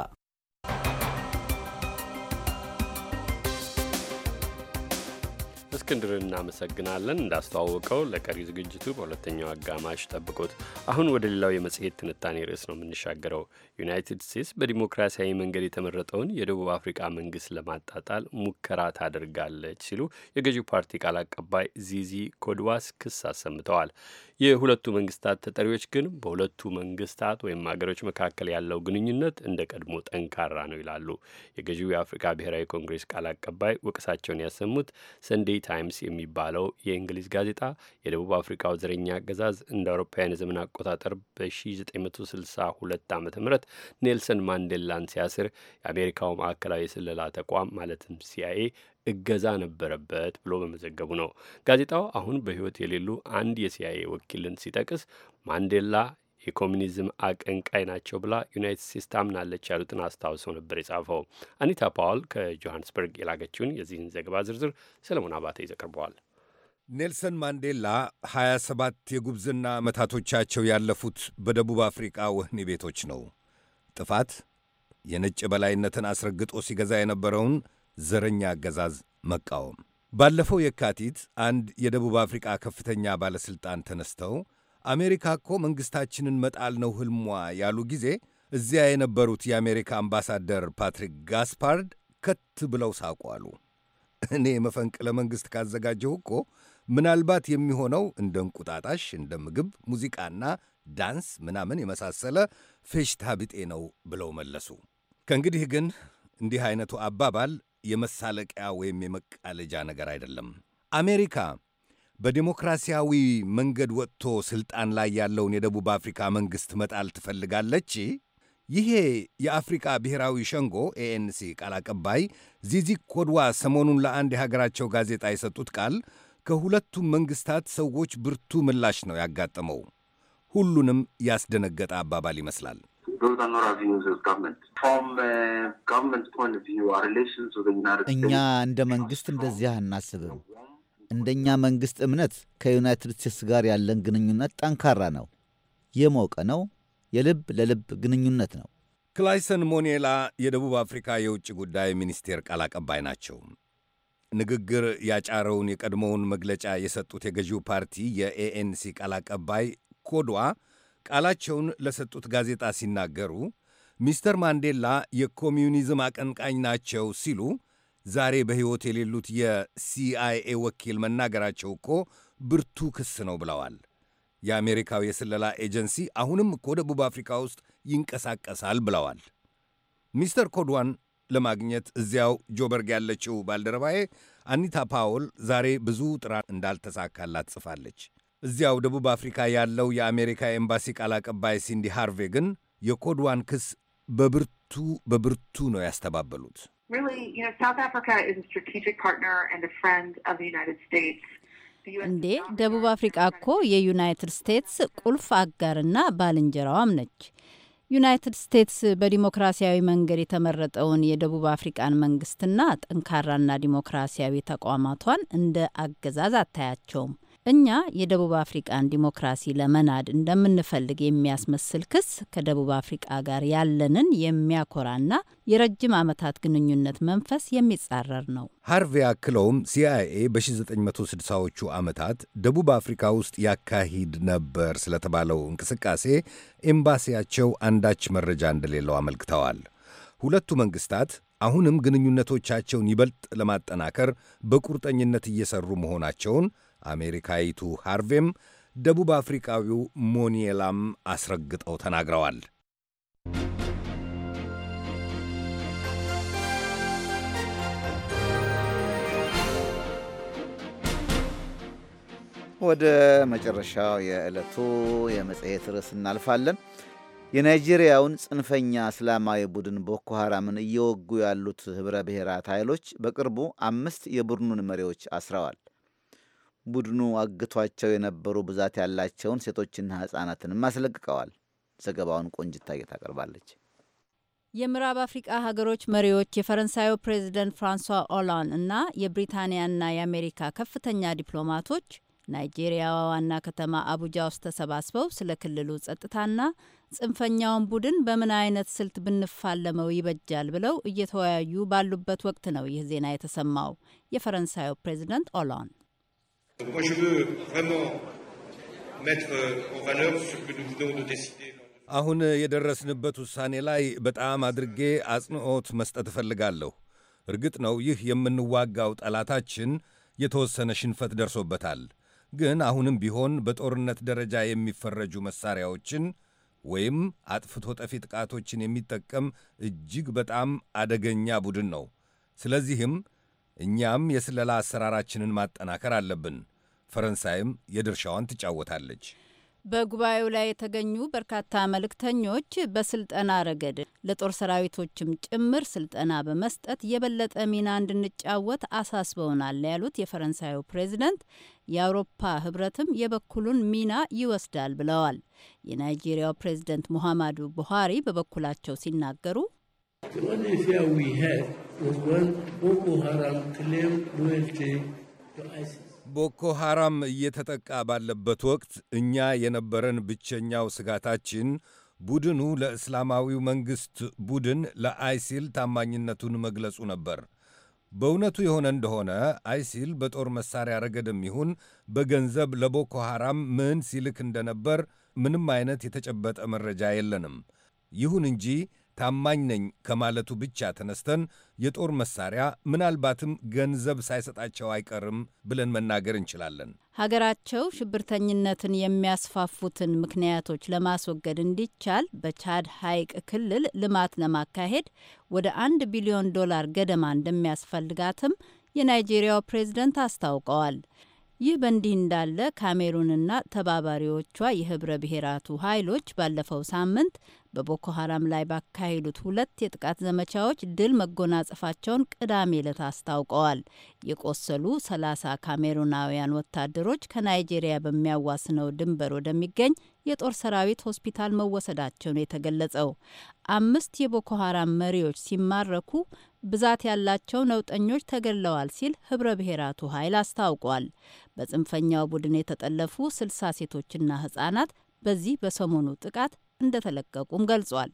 እስክንድርን እናመሰግናለን። እንዳስተዋወቀው ለቀሪ ዝግጅቱ በሁለተኛው አጋማሽ ጠብቁት። አሁን ወደ ሌላው የመጽሔት ትንታኔ ርዕስ ነው የምንሻገረው። ዩናይትድ ስቴትስ በዲሞክራሲያዊ መንገድ የተመረጠውን የደቡብ አፍሪካ መንግስት ለማጣጣል ሙከራ ታደርጋለች ሲሉ የገዢው ፓርቲ ቃል አቀባይ ዚዚ ኮድዋስ ክስ አሰምተዋል። የሁለቱ መንግስታት ተጠሪዎች ግን በሁለቱ መንግስታት ወይም አገሮች መካከል ያለው ግንኙነት እንደ ቀድሞ ጠንካራ ነው ይላሉ። የገዢው የአፍሪካ ብሔራዊ ኮንግሬስ ቃል አቀባይ ወቀሳቸውን ያሰሙት ሰንዴይ ታይምስ የሚባለው የእንግሊዝ ጋዜጣ የደቡብ አፍሪካው ዘረኛ አገዛዝ እንደ አውሮፓውያን የዘመን አቆጣጠር በ1962 ዓ ም ኔልሰን ማንዴላን ሲያስር የአሜሪካው ማዕከላዊ የስለላ ተቋም ማለትም ሲአይኤ እገዛ ነበረበት ብሎ በመዘገቡ ነው። ጋዜጣው አሁን በሕይወት የሌሉ አንድ የሲአይኤ ወኪልን ሲጠቅስ ማንዴላ የኮሚኒዝም አቀንቃይ ናቸው ብላ ዩናይትድ ስቴትስ ታምናለች ያሉትን አስታውሰው ነበር የጻፈው። አኒታ ፓዋል ከጆሃንስበርግ የላገችውን የዚህን ዘገባ ዝርዝር ሰለሞን አባተ ይዞ ቀርበዋል። ኔልሰን ማንዴላ 27 የጉብዝና ዓመታቶቻቸው ያለፉት በደቡብ አፍሪቃ ወህኒ ቤቶች ነው። ጥፋት የነጭ በላይነትን አስረግጦ ሲገዛ የነበረውን ዘረኛ አገዛዝ መቃወም። ባለፈው የካቲት አንድ የደቡብ አፍሪቃ ከፍተኛ ባለሥልጣን ተነስተው አሜሪካ እኮ መንግሥታችንን መጣል ነው ህልሟ ያሉ ጊዜ እዚያ የነበሩት የአሜሪካ አምባሳደር ፓትሪክ ጋስፓርድ ከት ብለው ሳቋሉ። እኔ መፈንቅለ መንግሥት ካዘጋጀሁ እኮ ምናልባት የሚሆነው እንደ እንቁጣጣሽ፣ እንደ ምግብ፣ ሙዚቃና ዳንስ ምናምን የመሳሰለ ፌሽታ ቢጤ ነው ብለው መለሱ። ከእንግዲህ ግን እንዲህ አይነቱ አባባል የመሳለቂያ ወይም የመቃለጃ ነገር አይደለም። አሜሪካ በዲሞክራሲያዊ መንገድ ወጥቶ ስልጣን ላይ ያለውን የደቡብ አፍሪካ መንግሥት መጣል ትፈልጋለች። ይሄ የአፍሪካ ብሔራዊ ሸንጎ ኤኤንሲ ቃል አቀባይ ዚዚ ኮድዋ ሰሞኑን ለአንድ የሀገራቸው ጋዜጣ የሰጡት ቃል ከሁለቱም መንግሥታት ሰዎች ብርቱ ምላሽ ነው ያጋጠመው። ሁሉንም ያስደነገጠ አባባል ይመስላል። እኛ እንደ መንግስት እንደዚያ አናስብም። እንደኛ መንግስት እምነት ከዩናይትድ ስቴትስ ጋር ያለን ግንኙነት ጠንካራ ነው፣ የሞቀ ነው፣ የልብ ለልብ ግንኙነት ነው። ክላይሰን ሞኔላ የደቡብ አፍሪካ የውጭ ጉዳይ ሚኒስቴር ቃል አቀባይ ናቸው። ንግግር ያጫረውን የቀድሞውን መግለጫ የሰጡት የገዢው ፓርቲ የኤኤንሲ ቃል አቀባይ ኮዷ ቃላቸውን ለሰጡት ጋዜጣ ሲናገሩ ሚስተር ማንዴላ የኮሚዩኒዝም አቀንቃኝ ናቸው ሲሉ ዛሬ በሕይወት የሌሉት የሲአይኤ ወኪል መናገራቸው እኮ ብርቱ ክስ ነው ብለዋል። የአሜሪካው የስለላ ኤጀንሲ አሁንም እኮ ደቡብ አፍሪካ ውስጥ ይንቀሳቀሳል ብለዋል። ሚስተር ኮድዋን ለማግኘት እዚያው ጆበርግ ያለችው ባልደረባዬ አኒታ ፓውል ዛሬ ብዙ ጥራት እንዳልተሳካላት ጽፋለች። እዚያው ደቡብ አፍሪካ ያለው የአሜሪካ ኤምባሲ ቃል አቀባይ ሲንዲ ሃርቬ ግን የኮድዋን ክስ በብርቱ በብርቱ ነው ያስተባበሉት። እንዴ ደቡብ አፍሪቃ እኮ የዩናይትድ ስቴትስ ቁልፍ አጋርና ባልንጀራዋም ነች። ዩናይትድ ስቴትስ በዲሞክራሲያዊ መንገድ የተመረጠውን የደቡብ አፍሪቃን መንግስትና ጠንካራና ዲሞክራሲያዊ ተቋማቷን እንደ አገዛዝ አታያቸውም። እኛ የደቡብ አፍሪቃን ዲሞክራሲ ለመናድ እንደምንፈልግ የሚያስመስል ክስ ከደቡብ አፍሪቃ ጋር ያለንን የሚያኮራና የረጅም ዓመታት ግንኙነት መንፈስ የሚጻረር ነው። ሃርቬ አክለውም ሲአይኤ በ1960ዎቹ ዓመታት ደቡብ አፍሪካ ውስጥ ያካሂድ ነበር ስለተባለው እንቅስቃሴ ኤምባሲያቸው አንዳች መረጃ እንደሌለው አመልክተዋል። ሁለቱ መንግስታት አሁንም ግንኙነቶቻቸውን ይበልጥ ለማጠናከር በቁርጠኝነት እየሰሩ መሆናቸውን አሜሪካዊቱ ሃርቬም ደቡብ አፍሪካዊው ሞኒየላም አስረግጠው ተናግረዋል። ወደ መጨረሻው የዕለቱ የመጽሔት ርዕስ እናልፋለን። የናይጄሪያውን ጽንፈኛ እስላማዊ ቡድን ቦኮ ሐራምን እየወጉ ያሉት ኅብረ ብሔራት ኃይሎች በቅርቡ አምስት የቡድኑን መሪዎች አስረዋል። ቡድኑ አግቷቸው የነበሩ ብዛት ያላቸውን ሴቶችና ሕጻናትንም አስለቅቀዋል። ዘገባውን ቆንጅታ ታቀርባለች። የምዕራብ አፍሪቃ ሀገሮች መሪዎች የፈረንሳዩ ፕሬዚደንት ፍራንሷ ኦላንድ እና የብሪታንያና የአሜሪካ ከፍተኛ ዲፕሎማቶች ናይጄሪያዋ ዋና ከተማ አቡጃ ውስጥ ተሰባስበው ስለ ክልሉ ጸጥታና ጽንፈኛውን ቡድን በምን አይነት ስልት ብንፋለመው ይበጃል ብለው እየተወያዩ ባሉበት ወቅት ነው ይህ ዜና የተሰማው። የፈረንሳዩ ፕሬዚደንት ኦላንድ Moi, je veux vraiment mettre euh, en valeur ce que nous venons de décider. አሁን የደረስንበት ውሳኔ ላይ በጣም አድርጌ አጽንኦት መስጠት እፈልጋለሁ። እርግጥ ነው ይህ የምንዋጋው ጠላታችን የተወሰነ ሽንፈት ደርሶበታል። ግን አሁንም ቢሆን በጦርነት ደረጃ የሚፈረጁ መሳሪያዎችን ወይም አጥፍቶ ጠፊ ጥቃቶችን የሚጠቀም እጅግ በጣም አደገኛ ቡድን ነው። ስለዚህም እኛም የስለላ አሰራራችንን ማጠናከር አለብን። ፈረንሳይም የድርሻዋን ትጫወታለች። በጉባኤው ላይ የተገኙ በርካታ መልእክተኞች በስልጠና ረገድ ለጦር ሰራዊቶችም ጭምር ስልጠና በመስጠት የበለጠ ሚና እንድንጫወት አሳስበውናል ያሉት የፈረንሳዩ ፕሬዚደንት የአውሮፓ ህብረትም የበኩሉን ሚና ይወስዳል ብለዋል። የናይጄሪያው ፕሬዚደንት ሙሐማዱ ቡሃሪ በበኩላቸው ሲናገሩ The only fear we had was when Boko Haram claimed loyalty to ISIS. ቦኮ ሐራም እየተጠቃ ባለበት ወቅት እኛ የነበረን ብቸኛው ስጋታችን ቡድኑ ለእስላማዊው መንግሥት ቡድን ለአይሲል ታማኝነቱን መግለጹ ነበር። በእውነቱ የሆነ እንደሆነ አይሲል በጦር መሳሪያ ረገድም ይሁን በገንዘብ ለቦኮ ሐራም ምን ሲልክ እንደነበር ምንም አይነት የተጨበጠ መረጃ የለንም። ይሁን እንጂ ታማኝ ነኝ ከማለቱ ብቻ ተነስተን የጦር መሳሪያ ምናልባትም ገንዘብ ሳይሰጣቸው አይቀርም ብለን መናገር እንችላለን። ሀገራቸው ሽብርተኝነትን የሚያስፋፉትን ምክንያቶች ለማስወገድ እንዲቻል በቻድ ሐይቅ ክልል ልማት ለማካሄድ ወደ አንድ ቢሊዮን ዶላር ገደማ እንደሚያስፈልጋትም የናይጄሪያው ፕሬዝደንት አስታውቀዋል። ይህ በእንዲህ እንዳለ ካሜሩንና ተባባሪዎቿ የህብረ ብሔራቱ ኃይሎች ባለፈው ሳምንት በቦኮ ሀራም ላይ ባካሄዱት ሁለት የጥቃት ዘመቻዎች ድል መጎናጸፋቸውን ቅዳሜ ዕለት አስታውቀዋል። የቆሰሉ 30 ካሜሩናውያን ወታደሮች ከናይጄሪያ በሚያዋስነው ድንበር ወደሚገኝ የጦር ሰራዊት ሆስፒታል መወሰዳቸው ነው የተገለጸው አምስት የቦኮ ሀራም መሪዎች ሲማረኩ ብዛት ያላቸው ነውጠኞች ተገድለዋል ሲል ህብረ ብሔራቱ ኃይል አስታውቋል። በጽንፈኛው ቡድን የተጠለፉ ስልሳ ሴቶችና ህጻናት በዚህ በሰሞኑ ጥቃት እንደተለቀቁም ገልጿል።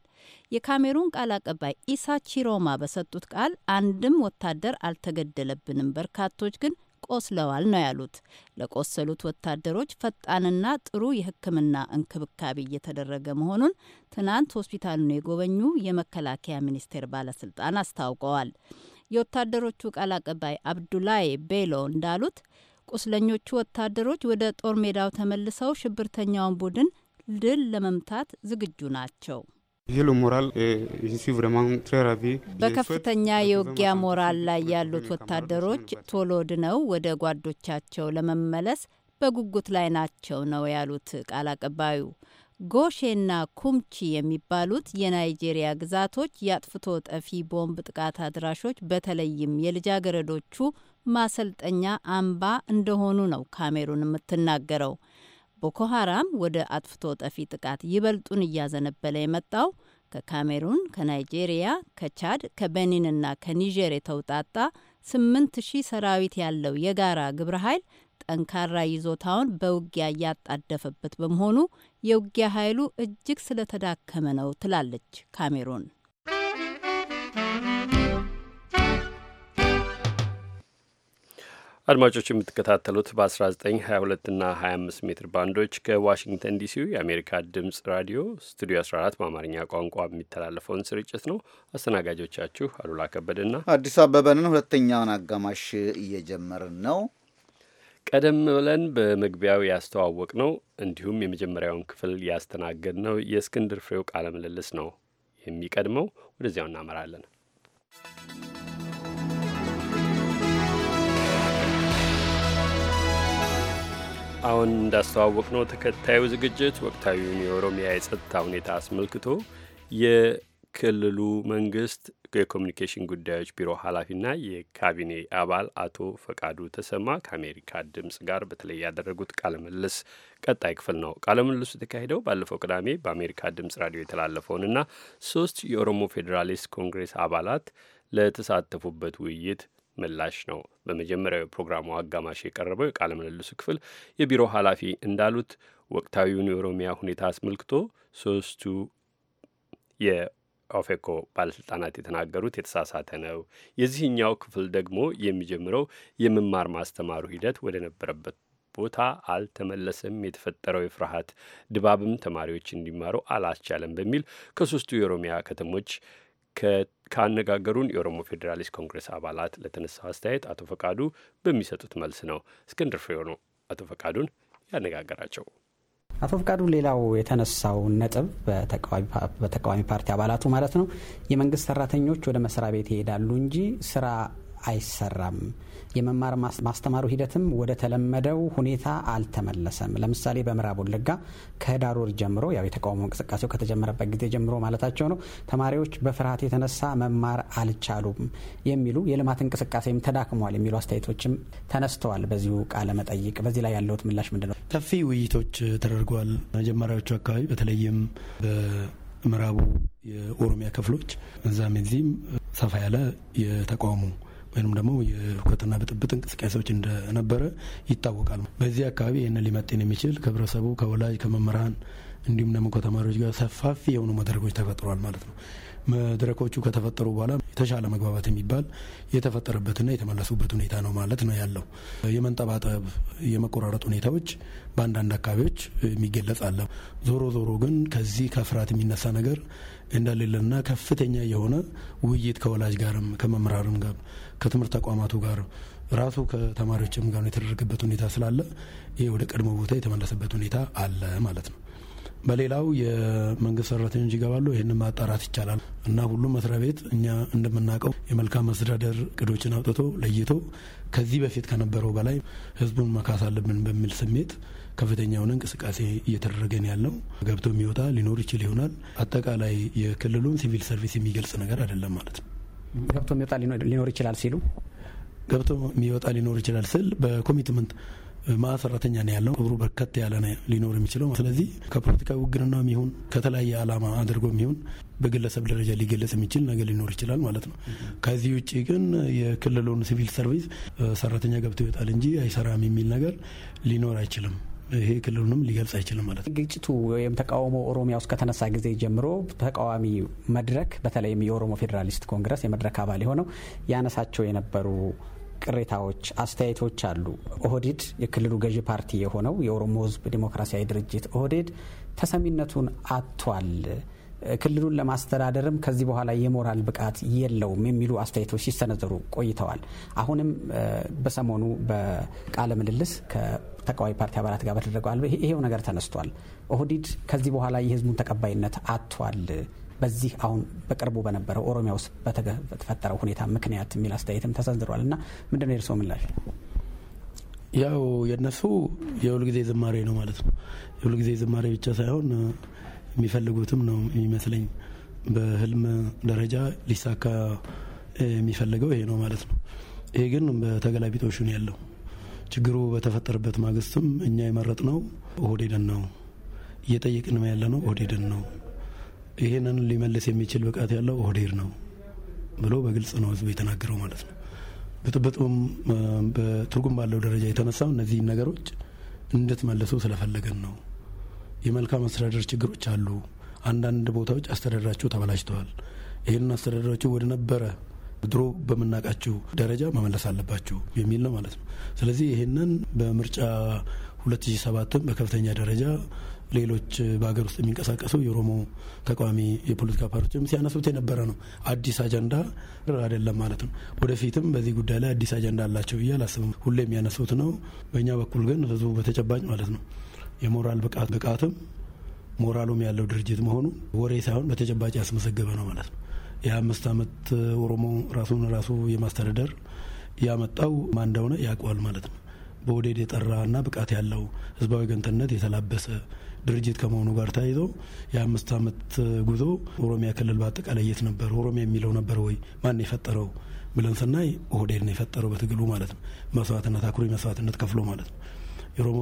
የካሜሩን ቃል አቀባይ ኢሳ ቺሮማ በሰጡት ቃል አንድም ወታደር አልተገደለብንም፣ በርካቶች ግን ቆስለዋል ነው ያሉት። ለቆሰሉት ወታደሮች ፈጣንና ጥሩ የሕክምና እንክብካቤ እየተደረገ መሆኑን ትናንት ሆስፒታሉን የጎበኙ የመከላከያ ሚኒስቴር ባለስልጣን አስታውቀዋል። የወታደሮቹ ቃል አቀባይ አብዱላይ ቤሎ እንዳሉት ቁስለኞቹ ወታደሮች ወደ ጦር ሜዳው ተመልሰው ሽብርተኛውን ቡድን ድል ለመምታት ዝግጁ ናቸው። በከፍተኛ የውጊያ ሞራል ላይ ያሉት ወታደሮች ቶሎ ድነው ወደ ጓዶቻቸው ለመመለስ በጉጉት ላይ ናቸው ነው ያሉት ቃል አቀባዩ። ጎሼና ኩምቺ የሚባሉት የናይጄሪያ ግዛቶች የአጥፍቶ ጠፊ ቦምብ ጥቃት አድራሾች በተለይም የልጃገረዶቹ ማሰልጠኛ አምባ እንደሆኑ ነው ካሜሩን የምትናገረው። ቦኮ ሀራም ወደ አጥፍቶ ጠፊ ጥቃት ይበልጡን እያዘነበለ የመጣው ከካሜሩን፣ ከናይጄሪያ፣ ከቻድ፣ ከቤኒንና ከኒጀር የተውጣጣ ስምንት ሺህ ሰራዊት ያለው የጋራ ግብረ ኃይል ጠንካራ ይዞታውን በውጊያ እያጣደፈበት በመሆኑ የውጊያ ኃይሉ እጅግ ስለተዳከመ ነው ትላለች ካሜሩን። አድማጮች የምትከታተሉት በ1922 እና 25 ሜትር ባንዶች ከዋሽንግተን ዲሲው የአሜሪካ ድምፅ ራዲዮ ስቱዲዮ 14 በአማርኛ ቋንቋ የሚተላለፈውን ስርጭት ነው። አስተናጋጆቻችሁ አሉላ ከበደና አዲስ አበበንን ሁለተኛውን አጋማሽ እየጀመርን ነው። ቀደም ብለን በመግቢያው ያስተዋወቅ ነው እንዲሁም የመጀመሪያውን ክፍል ያስተናገድ ነው የእስክንድር ፍሬው ቃለ ምልልስ ነው የሚቀድመው። ወደዚያው እናመራለን። አሁን እንዳስተዋወቅ ነው ተከታዩ ዝግጅት ወቅታዊውን የኦሮሚያ የጸጥታ ሁኔታ አስመልክቶ የክልሉ መንግስት የኮሚኒኬሽን ጉዳዮች ቢሮ ኃላፊና የካቢኔ አባል አቶ ፈቃዱ ተሰማ ከአሜሪካ ድምጽ ጋር በተለይ ያደረጉት ቃለምልስ ቀጣይ ክፍል ነው። ቃለምልሱ የተካሄደው ባለፈው ቅዳሜ በአሜሪካ ድምጽ ራዲዮ የተላለፈውንና ሶስት የኦሮሞ ፌዴራሊስት ኮንግሬስ አባላት ለተሳተፉበት ውይይት ምላሽ ነው። በመጀመሪያው የፕሮግራሙ አጋማሽ የቀረበው የቃለ ምልልሱ ክፍል የቢሮ ኃላፊ እንዳሉት ወቅታዊውን የኦሮሚያ ሁኔታ አስመልክቶ ሶስቱ ኦፌኮ ባለስልጣናት የተናገሩት የተሳሳተ ነው። የዚህኛው ክፍል ደግሞ የሚጀምረው የመማር ማስተማሩ ሂደት ወደ ነበረበት ቦታ አልተመለሰም፣ የተፈጠረው የፍርሃት ድባብም ተማሪዎች እንዲማሩ አላስቻለም በሚል ከሶስቱ የኦሮሚያ ከተሞች ካነጋገሩን የኦሮሞ ፌዴራሊስት ኮንግረስ አባላት ለተነሳው አስተያየት አቶ ፈቃዱ በሚሰጡት መልስ ነው። እስክንድር ፍሬው ነው አቶ ፈቃዱን ያነጋገራቸው። አቶ ፍቃዱ፣ ሌላው የተነሳው ነጥብ በተቃዋሚ ፓርቲ አባላቱ ማለት ነው የመንግስት ሰራተኞች ወደ መስሪያ ቤት ይሄዳሉ እንጂ ስራ አይሰራም የመማር ማስተማሩ ሂደትም ወደ ተለመደው ሁኔታ አልተመለሰም። ለምሳሌ በምዕራብ ወለጋ ከህዳር ወር ጀምሮ ያው የተቃውሞ እንቅስቃሴው ከተጀመረበት ጊዜ ጀምሮ ማለታቸው ነው ተማሪዎች በፍርሃት የተነሳ መማር አልቻሉም የሚሉ የልማት እንቅስቃሴም ተዳክሟል የሚሉ አስተያየቶችም ተነስተዋል። በዚሁ ቃለ መጠይቅ በዚህ ላይ ያለውት ምላሽ ምንድን ነው? ሰፊ ውይይቶች ተደርገዋል። መጀመሪያዎቹ አካባቢ በተለይም በምዕራቡ የኦሮሚያ ክፍሎች እዛም ዚህም ሰፋ ያለ የተቃውሞ ወይም ደግሞ የሁከትና ብጥብጥ እንቅስቃሴዎች እንደነበረ ይታወቃል። በዚህ አካባቢ ይህንን ሊመጥን የሚችል ከህብረተሰቡ፣ ከወላጅ፣ ከመምህራን እንዲሁም ደግሞ ከተማሪዎች ጋር ሰፋፊ የሆኑ መድረኮች ተፈጥሯል ማለት ነው። መድረኮቹ ከተፈጠሩ በኋላ የተሻለ መግባባት የሚባል የተፈጠረበትና የተመለሱበት ሁኔታ ነው ማለት ነው ያለው። የመንጠባጠብ የመቆራረጥ ሁኔታዎች በአንዳንድ አካባቢዎች የሚገለጽ አለ። ዞሮ ዞሮ ግን ከዚህ ከፍርሃት የሚነሳ ነገር እንደሌለና ከፍተኛ የሆነ ውይይት ከወላጅ ጋርም ከመምራርም ጋር ከትምህርት ተቋማቱ ጋር ራሱ ከተማሪዎችም ጋር የተደረገበት ሁኔታ ስላለ ይህ ወደ ቀድሞ ቦታ የተመለሰበት ሁኔታ አለ ማለት ነው። በሌላው የመንግስት ሰራተኞች ይገባሉ። ይህንን ማጣራት ይቻላል እና ሁሉም መስሪያ ቤት እኛ እንደምናውቀው የመልካም መስተዳደር እቅዶችን አውጥቶ ለይቶ ከዚህ በፊት ከነበረው በላይ ህዝቡን መካስ አለብን በሚል ስሜት ከፍተኛ የሆነ እንቅስቃሴ እየተደረገ ነው ያለው። ገብቶ የሚወጣ ሊኖር ይችል ይሆናል። አጠቃላይ የክልሉን ሲቪል ሰርቪስ የሚገልጽ ነገር አይደለም ማለት ነው። ገብቶ የሚወጣ ሊኖር ይችላል ሲሉ ገብቶ የሚወጣ ሊኖር ይችላል ስል በኮሚትመንት ማ ሰራተኛ ነው ያለው። ክብሩ በርከት ያለ ሊኖር የሚችለው ስለዚህ ከፖለቲካዊ ውግንና የሚሆን ከተለያየ አላማ አድርጎ የሚሆን በግለሰብ ደረጃ ሊገለጽ የሚችል ነገር ሊኖር ይችላል ማለት ነው። ከዚህ ውጭ ግን የክልሉን ሲቪል ሰርቪስ ሰራተኛ ገብቶ ይወጣል እንጂ አይሰራም የሚል ነገር ሊኖር አይችልም። ይሄ ክልሉንም ሊገልጽ አይችልም ማለት ነው። ግጭቱ ወይም ተቃውሞ ኦሮሚያ ውስጥ ከተነሳ ጊዜ ጀምሮ ተቃዋሚ መድረክ በተለይም የኦሮሞ ፌዴራሊስት ኮንግረስ የመድረክ አባል የሆነው ያነሳቸው የነበሩ ቅሬታዎች፣ አስተያየቶች አሉ። ኦህዴድ የክልሉ ገዢ ፓርቲ የሆነው የኦሮሞ ህዝብ ዴሞክራሲያዊ ድርጅት ኦህዴድ ተሰሚነቱን አጥቷል። ክልሉን ለማስተዳደርም ከዚህ በኋላ የሞራል ብቃት የለውም የሚሉ አስተያየቶች ሲሰነዘሩ ቆይተዋል። አሁንም በሰሞኑ በቃለ ምልልስ ከተቃዋሚ ፓርቲ አባላት ጋር በተደረገው ይሄው ነገር ተነስቷል። ኦህዲድ ከዚህ በኋላ የህዝቡን ተቀባይነት አጥቷል፣ በዚህ አሁን በቅርቡ በነበረው ኦሮሚያ ውስጥ በተፈጠረው ሁኔታ ምክንያት የሚል አስተያየትም ተሰንዝሯል እና ምንድን ነው የእርስዎ ምላሽ? ያው የእነሱ የሁልጊዜ ዝማሬ ነው ማለት ነው። የሁልጊዜ ዝማሬ ብቻ ሳይሆን የሚፈልጉትም ነው የሚመስለኝ። በህልም ደረጃ ሊሳካ የሚፈልገው ይሄ ነው ማለት ነው። ይሄ ግን በተገላቢጦሹ ነው ያለው። ችግሩ በተፈጠረበት ማግስትም እኛ የመረጥ ነው ኦህዴድን ነው እየጠየቅን ያለ ነው ኦህዴድን ነው ይሄንን ሊመልስ የሚችል ብቃት ያለው ኦህዴድ ነው ብሎ በግልጽ ነው ህዝቡ የተናገረው ማለት ነው። ብጥብጡም በትርጉም ባለው ደረጃ የተነሳው እነዚህን ነገሮች እንድትመልሱ ስለፈለገን ነው። የመልካም አስተዳደር ችግሮች አሉ። አንዳንድ ቦታዎች አስተዳደራቸው ተበላሽተዋል። ይህንን አስተዳደራቸው ወደ ነበረ ድሮ በምናውቃቸው ደረጃ መመለስ አለባቸው የሚል ነው ማለት ነው። ስለዚህ ይህንን በምርጫ 2007ም በከፍተኛ ደረጃ ሌሎች በሀገር ውስጥ የሚንቀሳቀሱ የኦሮሞ ተቃዋሚ የፖለቲካ ፓርቲዎችም ሲያነሱት የነበረ ነው። አዲስ አጀንዳ አይደለም ማለት ነው። ወደፊትም በዚህ ጉዳይ ላይ አዲስ አጀንዳ አላቸው ብዬ አላስብም። ሁሌ የሚያነሱት ነው። በእኛ በኩል ግን ህዝቡ በተጨባጭ ማለት ነው የሞራል ብቃት ብቃትም ሞራሉም ያለው ድርጅት መሆኑ ወሬ ሳይሆን በተጨባጭ ያስመዘገበ ነው ማለት ነው። የአምስት ዓመት ኦሮሞ ራሱን ራሱ የማስተዳደር ያመጣው ማን እንደሆነ ያውቀዋል ማለት ነው። የጠራ የጠራና ብቃት ያለው ህዝባዊ ገንተነት የተላበሰ ድርጅት ከመሆኑ ጋር ተያይዞ የአምስት ዓመት ጉዞ ኦሮሚያ ክልል በአጠቃላይ የት ነበር? ኦሮሚያ የሚለው ነበር ወይ? ማን የፈጠረው ብለን ስናይ ኦህዴድ ነው የፈጠረው በትግሉ ማለት ነው። መስዋዕትነት አኩሪ መስዋዕትነት ከፍሎ ማለት ነው። የኦሮሞ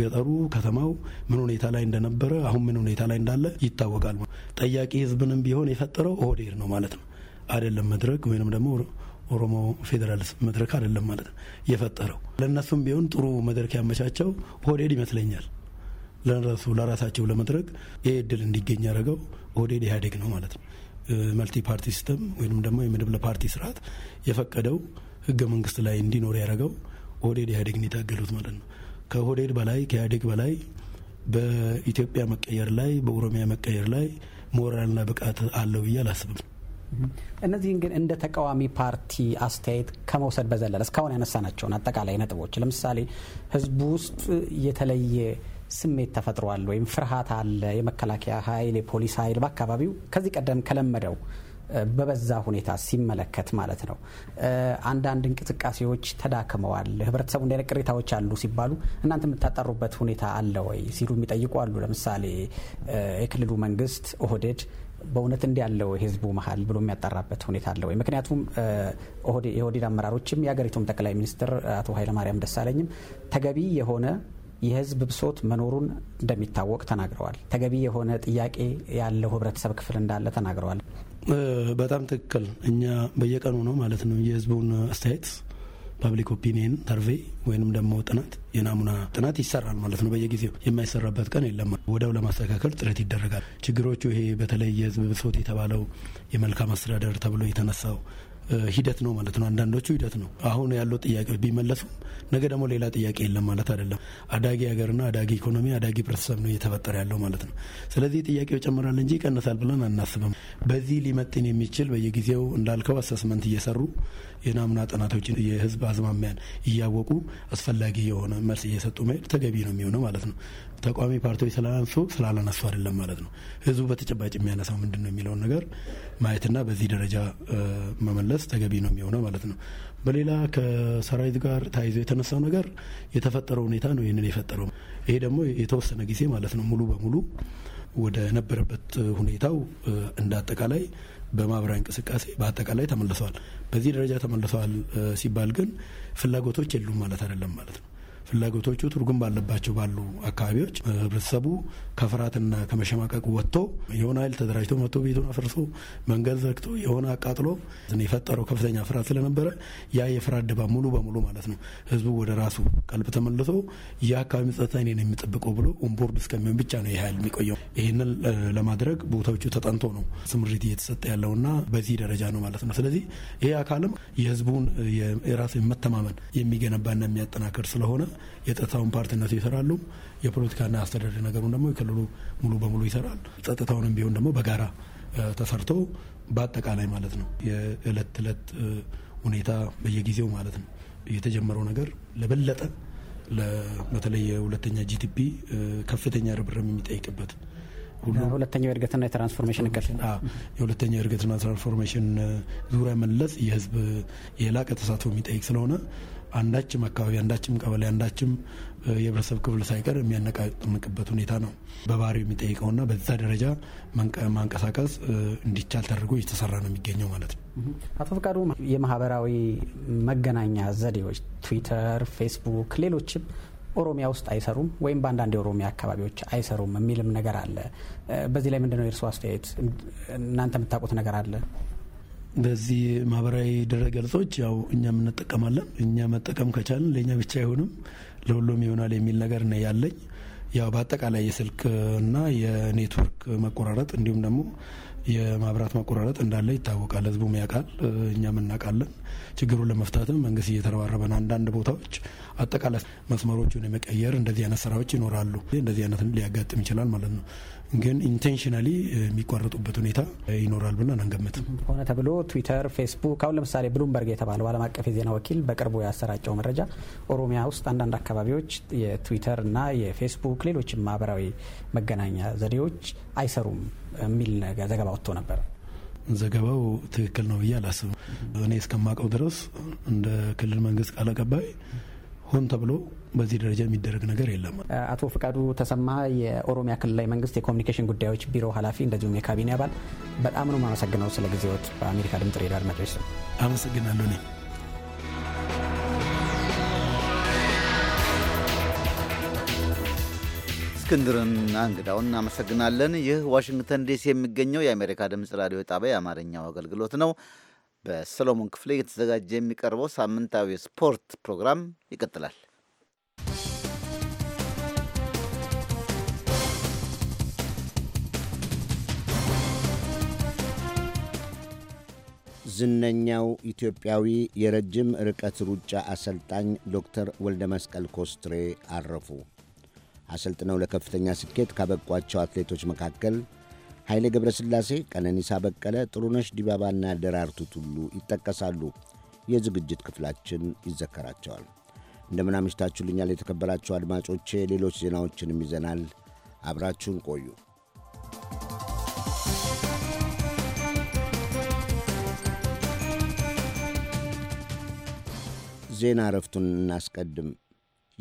ገጠሩ፣ ከተማው ምን ሁኔታ ላይ እንደነበረ አሁን ምን ሁኔታ ላይ እንዳለ ይታወቃል። ጠያቂ ህዝብንም ቢሆን የፈጠረው ኦህዴድ ነው ማለት ነው አይደለም መድረክ ወይንም ደግሞ ኦሮሞ ፌዴራልስ መድረክ አይደለም ማለት ነው የፈጠረው። ለእነሱም ቢሆን ጥሩ መድረክ ያመቻቸው ኦህዴድ ይመስለኛል። ለነሱ ለራሳቸው ለመድረክ ይህ እድል እንዲገኝ ያደረገው ኦህዴድ ኢህአዴግ ነው ማለት ነው። መልቲ ፓርቲ ሲስተም ወይም ደግሞ የምድብ ለፓርቲ ስርዓት የፈቀደው ህገ መንግስት ላይ እንዲኖር ያደረገው ኦህዴድ ኢህአዴግን የታገሉት ማለት ነው። ከሆዴድ በላይ ከኢህአዴግ በላይ በኢትዮጵያ መቀየር ላይ በኦሮሚያ መቀየር ላይ ሞራልና ብቃት አለው ብዬ አላስብም። እነዚህን ግን እንደ ተቃዋሚ ፓርቲ አስተያየት ከመውሰድ በዘለለ እስካሁን ያነሳናቸውን አጠቃላይ ነጥቦች ለምሳሌ ህዝቡ ውስጥ የተለየ ስሜት ተፈጥሯል ወይም ፍርሃት አለ፣ የመከላከያ ኃይል የፖሊስ ኃይል በአካባቢው ከዚህ ቀደም ከለመደው በበዛ ሁኔታ ሲመለከት ማለት ነው። አንዳንድ እንቅስቃሴዎች ተዳክመዋል፣ ህብረተሰቡ እንደ ቅሬታዎች አሉ ሲባሉ እናንተ የምታጠሩበት ሁኔታ አለ ወይ ሲሉ የሚጠይቁ አሉ። ለምሳሌ የክልሉ መንግስት ኦህዴድ በእውነት እንዲ ያለው ህዝቡ መሀል ብሎ የሚያጠራበት ሁኔታ አለ ወይ? ምክንያቱም የኦህዴድ አመራሮችም የሀገሪቱም ጠቅላይ ሚኒስትር አቶ ኃይለማርያም ደሳለኝም ተገቢ የሆነ የህዝብ ብሶት መኖሩን እንደሚታወቅ ተናግረዋል። ተገቢ የሆነ ጥያቄ ያለው ህብረተሰብ ክፍል እንዳለ ተናግረዋል። በጣም ትክክል። እኛ በየቀኑ ነው ማለት ነው የህዝቡን አስተያየት ፓብሊክ ኦፒኒየን ሰርቬ ወይንም ደግሞ ጥናት የናሙና ጥናት ይሰራል ማለት ነው። በየጊዜው የማይሰራበት ቀን የለም። ወደው ለማስተካከል ጥረት ይደረጋል። ችግሮቹ ይሄ በተለይ የህዝብ ብሶት የተባለው የመልካም አስተዳደር ተብሎ የተነሳው ሂደት ነው ማለት ነው። አንዳንዶቹ ሂደት ነው። አሁን ያለው ጥያቄዎች ቢመለሱም ነገ ደግሞ ሌላ ጥያቄ የለም ማለት አይደለም። አዳጊ ሀገርና አዳጊ ኢኮኖሚ፣ አዳጊ ህብረተሰብ ነው እየተፈጠረ ያለው ማለት ነው። ስለዚህ ጥያቄው ይጨምራል እንጂ ይቀንሳል ብለን አናስብም። በዚህ ሊመጥን የሚችል በየጊዜው እንዳልከው አሰስመንት እየሰሩ የናሙና ጥናቶችን የህዝብ አዝማሚያን እያወቁ አስፈላጊ የሆነ መልስ እየሰጡ መሄድ ተገቢ ነው የሚሆነው ማለት ነው። ተቃዋሚ ፓርቲዎች ስላላነሱ ስላላነሱ አይደለም ማለት ነው። ህዝቡ በተጨባጭ የሚያነሳው ምንድን ነው የሚለውን ነገር ማየትና በዚህ ደረጃ መመለስ ተገቢ ነው የሚሆነው ማለት ነው። በሌላ ከሰራዊት ጋር ተያይዞ የተነሳው ነገር የተፈጠረው ሁኔታ ነው ይህንን የፈጠረው። ይሄ ደግሞ የተወሰነ ጊዜ ማለት ነው ሙሉ በሙሉ ወደ ነበረበት ሁኔታው እንደ አጠቃላይ በማህበራዊ እንቅስቃሴ በአጠቃላይ ተመልሰዋል። በዚህ ደረጃ ተመልሰዋል ሲባል ግን ፍላጎቶች የሉም ማለት አይደለም ማለት ነው። ፍላጎቶቹ ትርጉም ባለባቸው ባሉ አካባቢዎች ህብረተሰቡ ከፍርሃትና ከመሸማቀቅ ወጥቶ የሆነ ኃይል ተደራጅቶ መጥቶ ቤቱን አፍርሶ መንገድ ዘግቶ የሆነ አቃጥሎ የፈጠረው ከፍተኛ ፍርሃት ስለነበረ ያ የፍርሃት ድባብ ሙሉ በሙሉ ማለት ነው ህዝቡ ወደ ራሱ ቀልብ ተመልሶ የአካባቢ ጸጥታ እኔ የሚጠብቀው ብሎ ኦንቦርድ እስከሚሆን ብቻ ነው ኃይል የሚቆየው። ይህንን ለማድረግ ቦታዎቹ ተጠንቶ ነው ስምሪት እየተሰጠ ያለውና በዚህ ደረጃ ነው ማለት ነው። ስለዚህ ይህ አካልም የህዝቡን የራስ መተማመን የሚገነባና የሚያጠናክር ስለሆነ የጸጥታውን ፓርት እነሱ ይሰራሉ። የፖለቲካና አስተዳደር ነገሩን ደግሞ የክልሉ ሙሉ በሙሉ ይሰራል። ጸጥታውንም ቢሆን ደግሞ በጋራ ተሰርቶ በአጠቃላይ ማለት ነው የእለት ተዕለት ሁኔታ በየጊዜው ማለት ነው የተጀመረው ነገር ለበለጠ በተለይ የሁለተኛ ጂዲፒ ከፍተኛ ርብርም የሚጠይቅበት ሁለተኛው የእድገትና የትራንስፎርሜሽን እቅድ የሁለተኛው የእድገትና ትራንስፎርሜሽን ዙሪያ መለስ የህዝብ የላቀ ተሳትፎ የሚጠይቅ ስለሆነ አንዳችም አካባቢ አንዳችም ቀበሌ አንዳችም የህብረተሰብ ክፍል ሳይቀር የሚያነቃንቅበት ሁኔታ ነው በባህሪው የሚጠይቀውና በዛ ደረጃ ማንቀሳቀስ እንዲቻል ተደርጎ እየተሰራ ነው የሚገኘው ማለት ነው። አቶ ፍቃዱ የማህበራዊ መገናኛ ዘዴዎች ትዊተር፣ ፌስቡክ፣ ሌሎችም ኦሮሚያ ውስጥ አይሰሩም ወይም በአንዳንድ የኦሮሚያ አካባቢዎች አይሰሩም የሚልም ነገር አለ። በዚህ ላይ ምንድነው የእርስዎ አስተያየት? እናንተ የምታውቁት ነገር አለ? በዚህ ማህበራዊ ድረገጾች ያው እኛም እንጠቀማለን። እኛ መጠቀም ከቻልን ለእኛ ብቻ አይሆንም ለሁሉም ይሆናል የሚል ነገር ነው ያለኝ። ያው በአጠቃላይ የስልክና የኔትወርክ መቆራረጥ እንዲሁም ደግሞ የማብራት መቆራረጥ እንዳለ ይታወቃል። ህዝቡም ያውቃል፣ እኛም እናውቃለን። ችግሩን ለመፍታትም መንግስት እየተረባረበ ነው። አንዳንድ ቦታዎች አጠቃላይ መስመሮቹን የመቀየር እንደዚህ አይነት ስራዎች ይኖራሉ። እንደዚህ አይነት ሊያጋጥም ይችላል ማለት ነው። ግን ኢንቴንሽናሊ eh, የሚቋረጡበት ሁኔታ eh, ይኖራል ብለን አንገምትም። ሆነ ተብሎ ትዊተር፣ ፌስቡክ አሁን ለምሳሌ ብሉምበርግ የተባለው ዓለም አቀፍ የዜና ወኪል በቅርቡ ያሰራጨው መረጃ ኦሮሚያ ውስጥ አንዳንድ አካባቢዎች የትዊተር እና የፌስቡክ ሌሎችም ማህበራዊ መገናኛ ዘዴዎች አይሰሩም የሚል ዘገባ ወጥቶ ነበር። ዘገባው ትክክል ነው ብዬ አላስብም። እኔ እስከማውቀው ድረስ እንደ ክልል መንግስት ቃል አቀባይ ሆን ተብሎ በዚህ ደረጃ የሚደረግ ነገር የለም። አቶ ፍቃዱ ተሰማ የኦሮሚያ ክልላዊ መንግስት የኮሚኒኬሽን ጉዳዮች ቢሮ ኃላፊ እንደዚሁም የካቢኔ አባል በጣም ነው የማመሰግነው ስለ ጊዜዎት በአሜሪካ ድምጽ ሬዲዮ አድማጮች ስም አመሰግናለሁ እኔ እስክንድርና እንግዳውን እናመሰግናለን። ይህ ዋሽንግተን ዲሲ የሚገኘው የአሜሪካ ድምፅ ራዲዮ ጣቢያ የአማርኛው አገልግሎት ነው። በሰሎሞን ክፍሌ እየተዘጋጀ የሚቀርበው ሳምንታዊ ስፖርት ፕሮግራም ይቀጥላል። ዝነኛው ኢትዮጵያዊ የረጅም ርቀት ሩጫ አሰልጣኝ ዶክተር ወልደ መስቀል ኮስትሬ አረፉ። አሰልጥነው ለከፍተኛ ስኬት ካበቋቸው አትሌቶች መካከል ኃይሌ ሥላሴ፣ ቀነኒሳ በቀለ፣ ጥሩነሽ ዲባባና ደራርቱ ቱሉ ይጠቀሳሉ። የዝግጅት ክፍላችን ይዘከራቸዋል። እንደምናምሽታችሁልኛል የተከበራችሁ አድማጮቼ፣ ሌሎች ዜናዎችንም ይዘናል። አብራችሁን ቆዩ። ዜና እረፍቱን እናስቀድም።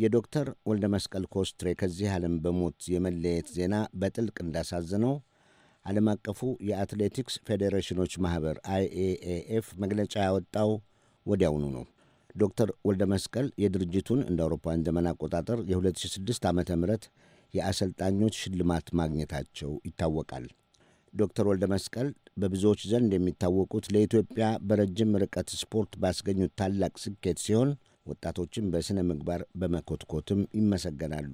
የዶክተር ወልደ መስቀል ኮስትሬ ከዚህ ዓለም በሞት የመለየት ዜና በጥልቅ እንዳሳዘነው ዓለም አቀፉ የአትሌቲክስ ፌዴሬሽኖች ማኅበር አይኤኤኤፍ መግለጫ ያወጣው ወዲያውኑ ነው። ዶክተር ወልደ መስቀል የድርጅቱን እንደ አውሮፓውያን ዘመን አቆጣጠር የ2006 ዓ ም የአሰልጣኞች ሽልማት ማግኘታቸው ይታወቃል። ዶክተር ወልደ መስቀል በብዙዎች ዘንድ የሚታወቁት ለኢትዮጵያ በረጅም ርቀት ስፖርት ባስገኙት ታላቅ ስኬት ሲሆን ወጣቶችን በሥነ ምግባር በመኮትኮትም ይመሰገናሉ።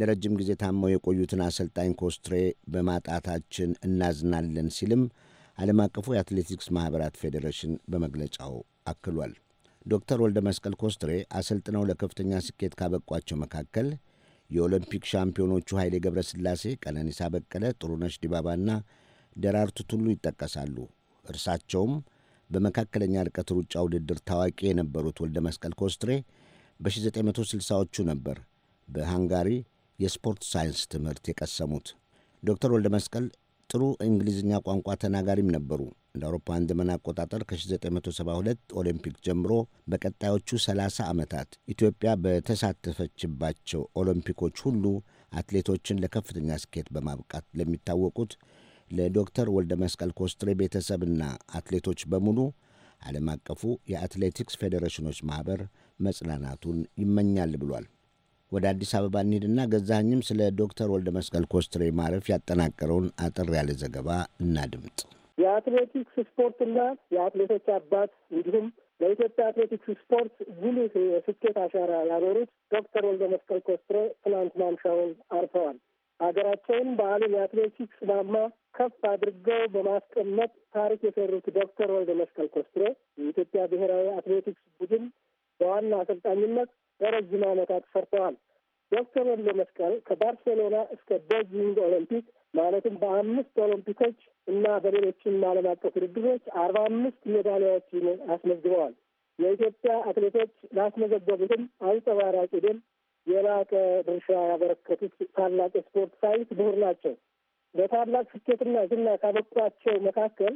ለረጅም ጊዜ ታመው የቆዩትን አሰልጣኝ ኮስትሬ በማጣታችን እናዝናለን ሲልም ዓለም አቀፉ የአትሌቲክስ ማኅበራት ፌዴሬሽን በመግለጫው አክሏል። ዶክተር ወልደ መስቀል ኮስትሬ አሰልጥነው ለከፍተኛ ስኬት ካበቋቸው መካከል የኦሎምፒክ ሻምፒዮኖቹ ኃይሌ ገብረ ሥላሴ፣ ቀነኒሳ በቀለ፣ ጥሩነሽ ዲባባና ደራርቱ ቱሉ ይጠቀሳሉ። እርሳቸውም በመካከለኛ ርቀት ሩጫ ውድድር ታዋቂ የነበሩት ወልደ መስቀል ኮስትሬ በ1960ዎቹ ነበር በሃንጋሪ የስፖርት ሳይንስ ትምህርት የቀሰሙት። ዶክተር ወልደ መስቀል ጥሩ እንግሊዝኛ ቋንቋ ተናጋሪም ነበሩ። እንደ አውሮፓውያን ዘመን አቆጣጠር ከ1972 ኦሎምፒክ ጀምሮ በቀጣዮቹ 30 ዓመታት ኢትዮጵያ በተሳተፈችባቸው ኦሎምፒኮች ሁሉ አትሌቶችን ለከፍተኛ ስኬት በማብቃት ለሚታወቁት ለዶክተር ወልደ መስቀል ኮስትሬ ቤተሰብና አትሌቶች በሙሉ ዓለም አቀፉ የአትሌቲክስ ፌዴሬሽኖች ማኅበር መጽናናቱን ይመኛል ብሏል። ወደ አዲስ አበባ እንሂድና ገዛኸኝም ስለ ዶክተር ወልደ መስቀል ኮስትሬ ማረፍ ያጠናቀረውን አጠር ያለ ዘገባ እናድምጥ። የአትሌቲክስ ስፖርትና የአትሌቶች አባት እንዲሁም ለኢትዮጵያ አትሌቲክስ ስፖርት ጉልህ የስኬት አሻራ ያኖሩት ዶክተር ወልደ መስቀል ኮስትሬ ትናንት ማምሻውን አርፈዋል። ሀገራቸውን በዓለም የአትሌቲክስ ማማ ከፍ አድርገው በማስቀመጥ ታሪክ የሰሩት ዶክተር ወልደ መስቀል ኮስትሮ የኢትዮጵያ ብሔራዊ አትሌቲክስ ቡድን በዋና አሰልጣኝነት ለረጅም ዓመታት ሰርተዋል። ዶክተር ወልደ መስቀል ከባርሴሎና እስከ ቤጂንግ ኦሎምፒክ ማለትም በአምስት ኦሎምፒኮች እና በሌሎችም ዓለም አቀፍ ውድድሮች አርባ አምስት ሜዳሊያዎችን አስመዝግበዋል። የኢትዮጵያ አትሌቶች ላስመዘገቡትም አንጸባራቂ ድል የላቀ ድርሻ ያበረከቱት ታላቅ የስፖርት ሳይንስ ምሁር ናቸው። በታላቅ ስኬትና ዝና ካበቋቸው መካከል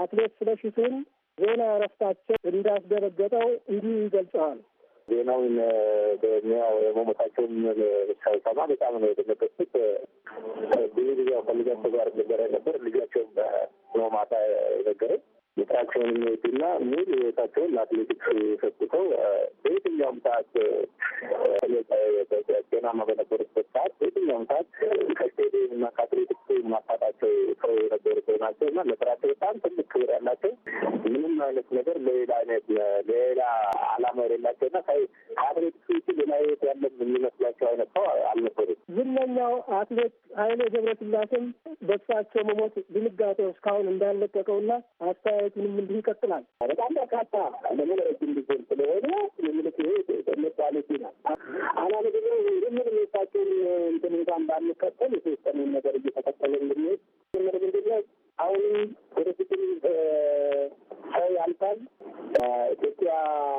አትሌት ስለሺ ስህን ዜና እረፍታቸው እንዳስደነገጠው እንዲህ ይገልጸዋል። ዜናውን በሚያው የመሞታቸውን ሳይሰማ በጣም ነው የደነገጥኩት። ብዙ ጊዜ ያው ከልጃቸው ጋር ነበረ ነበር ልጃቸው ነው ማታ የነገረኝ የትራክሽን የሚወዱና ሙሉ ህይወታቸውን ለአትሌቲክስ ሰጥተው በየትኛውም ሰዓት ጤናማ በነበሩበት ሰዓት በየትኛውም ሰዓት ከስቴዲየም እና ከአትሌቲክስ ማጣጣቸው ሰው የነበሩ ሰው ናቸው እና ለስራቸው በጣም ትልቅ ክብር ያላቸው ምንም አይነት ነገር ለሌላ አይነት ለሌላ አላማ የሌላቸው እና ከአትሌቲክስ ውጭ ሌላ ህይወት ያለን የሚመስላቸው አይነት ሰው አልነበሩም። ዝነኛው አትሌት ኃይሌ ገብረስላሴም በሳቸው መሞት ድንጋጤው እስካሁን እንዳለቀቀውና አስተያየ አስተያየቱንም እንዲህ ይቀጥላል። በጣም በርካታ ለመለረጅም ጊዜ ስለሆነ የምልክ ሜታሌቲ ነው አላለ ጊዜ ምን ሜታቸውን እንትን እንኳን ባንከተል የተወሰነውን ነገር እየተከተለ እንድንሄድ ምንድነው አሁንም ወደፊትም ሰው ያልፋል። ኢትዮጵያ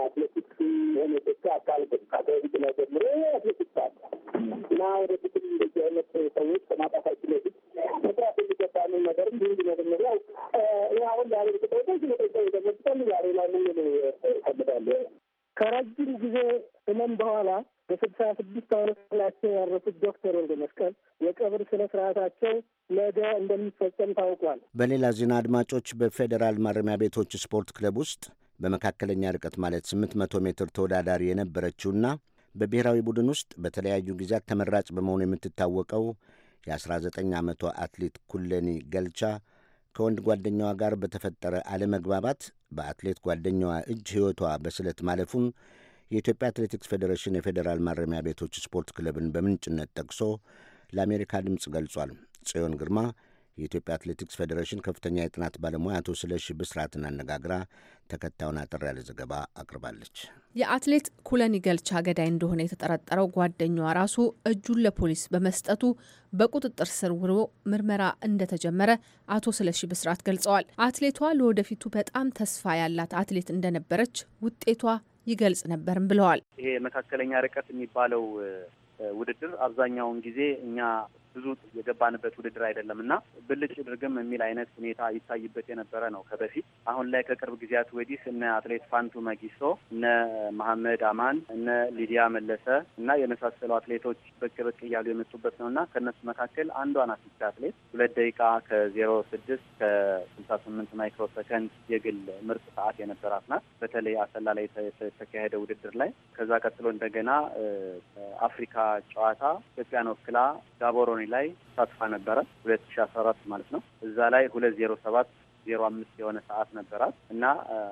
አትሌቲክስ ሆነ ኢትዮጵያ አካል ከበፊት ነው ጀምሮ አትሌቲክስ አለ እና ወደፊትም እንደዚህ አይነት ሰዎች ከማጣፋችን ለፊት መስራት የሚገባን ነገር ብዙ መጀመሪያ ይህ አሁን ዛሬ ተጠይቀ ሲመጠቀ ደግሞ ዛሬ ላይ ምን ፈልጋለ ከረጅም ጊዜ እመን በኋላ በስልሳ ስድስት ዓመት ላቸው ያረፉት ዶክተር ወልደ መስቀል የቀብር ስነ ስርዓታቸው ነገ እንደሚፈጸም ታውቋል። በሌላ ዜና አድማጮች፣ በፌዴራል ማረሚያ ቤቶች ስፖርት ክለብ ውስጥ በመካከለኛ ርቀት ማለት ስምንት መቶ ሜትር ተወዳዳሪ የነበረችውና በብሔራዊ ቡድን ውስጥ በተለያዩ ጊዜያት ተመራጭ በመሆኑ የምትታወቀው የ19 ዓመቷ አትሌት ኩለኒ ገልቻ ከወንድ ጓደኛዋ ጋር በተፈጠረ አለመግባባት በአትሌት ጓደኛዋ እጅ ሕይወቷ በስለት ማለፉን የኢትዮጵያ አትሌቲክስ ፌዴሬሽን የፌዴራል ማረሚያ ቤቶች ስፖርት ክለብን በምንጭነት ጠቅሶ ለአሜሪካ ድምፅ ገልጿል። ጽዮን ግርማ የኢትዮጵያ አትሌቲክስ ፌዴሬሽን ከፍተኛ የጥናት ባለሙያ አቶ ስለሺ ብስራትን አነጋግራ ተከታዩን አጠር ያለ ዘገባ አቅርባለች። የአትሌት ኩለን ገልቻ ገዳይ እንደሆነ የተጠረጠረው ጓደኛዋ ራሱ እጁን ለፖሊስ በመስጠቱ በቁጥጥር ስር ውሎ ምርመራ እንደተጀመረ አቶ ስለሺ ብስራት ገልጸዋል። አትሌቷ ለወደፊቱ በጣም ተስፋ ያላት አትሌት እንደነበረች ውጤቷ ይገልጽ ነበርም ብለዋል። ይሄ መካከለኛ ርቀት የሚባለው ውድድር አብዛኛውን ጊዜ እኛ ብዙ የገባንበት ውድድር አይደለም እና ብልጭ ድርግም የሚል አይነት ሁኔታ ይታይበት የነበረ ነው ከበፊት። አሁን ላይ ከቅርብ ጊዜያት ወዲህ እነ አትሌት ፋንቱ መጊሶ፣ እነ መሐመድ አማን፣ እነ ሊዲያ መለሰ እና የመሳሰሉ አትሌቶች ብቅ ብቅ እያሉ የመጡበት ነው እና ከእነሱ መካከል አንዷ ናት አትሌት ሁለት ደቂቃ ከዜሮ ስድስት ከስልሳ ስምንት ማይክሮ ሰከንድ የግል ምርጥ ሰዓት የነበራት ናት። በተለይ አሰላ ላይ የተካሄደ ውድድር ላይ ከዛ ቀጥሎ እንደገና አፍሪካ ጨዋታ ኢትዮጵያን ወክላ ጋቦሮኒ ላይ ተሳትፋ ነበረ ሁለት ሺ አስራ አራት ማለት ነው። እዛ ላይ ሁለት ዜሮ ሰባት ዜሮ አምስት የሆነ ሰዓት ነበራት እና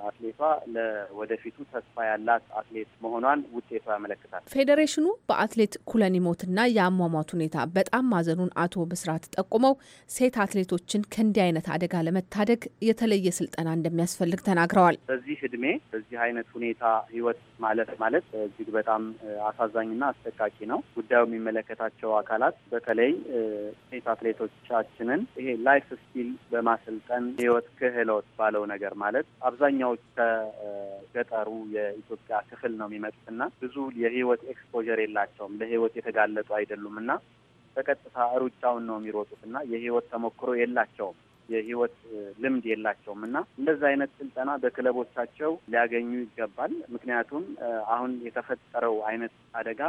አትሌቷ ለወደፊቱ ተስፋ ያላት አትሌት መሆኗን ውጤቷ ያመለክታል። ፌዴሬሽኑ በአትሌት ኩለኒ ሞትና የአሟሟት ሁኔታ በጣም ማዘኑን አቶ ብስራት ጠቁመው ሴት አትሌቶችን ከእንዲህ አይነት አደጋ ለመታደግ የተለየ ስልጠና እንደሚያስፈልግ ተናግረዋል። በዚህ እድሜ በዚህ አይነት ሁኔታ ህይወት ማለት ማለት እጅግ በጣም አሳዛኝና አስጠቃቂ ነው። ጉዳዩ የሚመለከታቸው አካላት በተለይ ሴት አትሌቶቻችንን ይሄ ላይፍ ስኪል በማሰልጠን ህይወት ክህሎት ባለው ነገር ማለት አብዛኛዎች ከገጠሩ የኢትዮጵያ ክፍል ነው የሚመጡት እና ብዙ የህይወት ኤክስፖዠር የላቸውም፣ ለህይወት የተጋለጡ አይደሉም እና በቀጥታ ሩጫውን ነው የሚሮጡት እና የህይወት ተሞክሮ የላቸውም የህይወት ልምድ የላቸውም እና እንደዛ አይነት ስልጠና በክለቦቻቸው ሊያገኙ ይገባል። ምክንያቱም አሁን የተፈጠረው አይነት አደጋ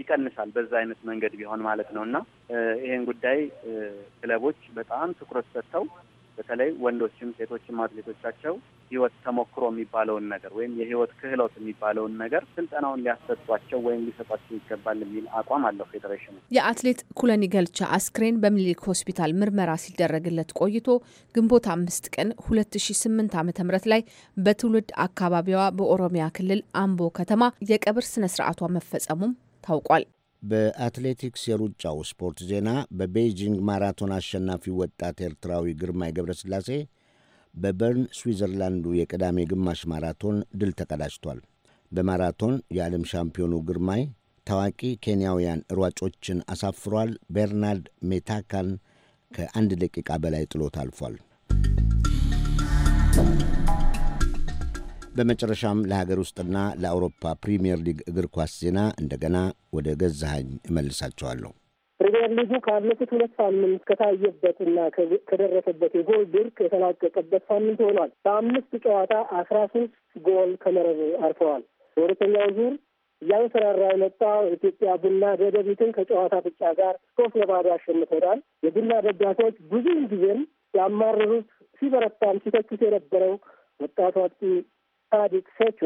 ይቀንሳል በዛ አይነት መንገድ ቢሆን ማለት ነው እና ይህን ጉዳይ ክለቦች በጣም ትኩረት ሰጥተው በተለይ ወንዶችም ሴቶችም አትሌቶቻቸው ህይወት ተሞክሮ የሚባለውን ነገር ወይም የህይወት ክህሎት የሚባለውን ነገር ስልጠናውን ሊያሰጧቸው ወይም ሊሰጧቸው ይገባል የሚል አቋም አለው ፌዴሬሽኑ። የአትሌት ኩለኒ ገልቻ አስክሬን በምኒልክ ሆስፒታል ምርመራ ሲደረግለት ቆይቶ ግንቦት አምስት ቀን ሁለት ሺ ስምንት ዓመተ ምህረት ላይ በትውልድ አካባቢዋ በኦሮሚያ ክልል አምቦ ከተማ የቀብር ስነ ስርዓቷ መፈጸሙም ታውቋል። በአትሌቲክስ የሩጫው ስፖርት ዜና በቤይጂንግ ማራቶን አሸናፊ ወጣት ኤርትራዊ ግርማይ ገብረስላሴ በበርን ስዊዘርላንዱ የቅዳሜ ግማሽ ማራቶን ድል ተቀዳጅቷል። በማራቶን የዓለም ሻምፒዮኑ ግርማይ ታዋቂ ኬንያውያን ሯጮችን አሳፍሯል። ቤርናርድ ሜታካን ከአንድ ደቂቃ በላይ ጥሎት አልፏል። በመጨረሻም ለሀገር ውስጥና ለአውሮፓ ፕሪምየር ሊግ እግር ኳስ ዜና እንደገና ወደ ገዛኸኝ እመልሳቸዋለሁ። ፕሪምየር ሊጉ ካለፉት ሁለት ሳምንት ከታየበትና ከደረሰበት የጎል ድርቅ የተላቀቀበት ሳምንት ሆኗል። በአምስት ጨዋታ አስራ ሶስት ጎል ከመረብ አርፈዋል። በሁለተኛው ዙር እያንሰራራ የመጣው ኢትዮጵያ ቡና ደደቢትን ከጨዋታ ብቻ ጋር ሶስት ለባዶ አሸንፎታል። የቡና ደጋፊዎች ብዙውን ጊዜም ያማረሩት ሲበረታም ሲተቹት የነበረው ወጣቱ አጥቂ ሳዲቅ ሴቾ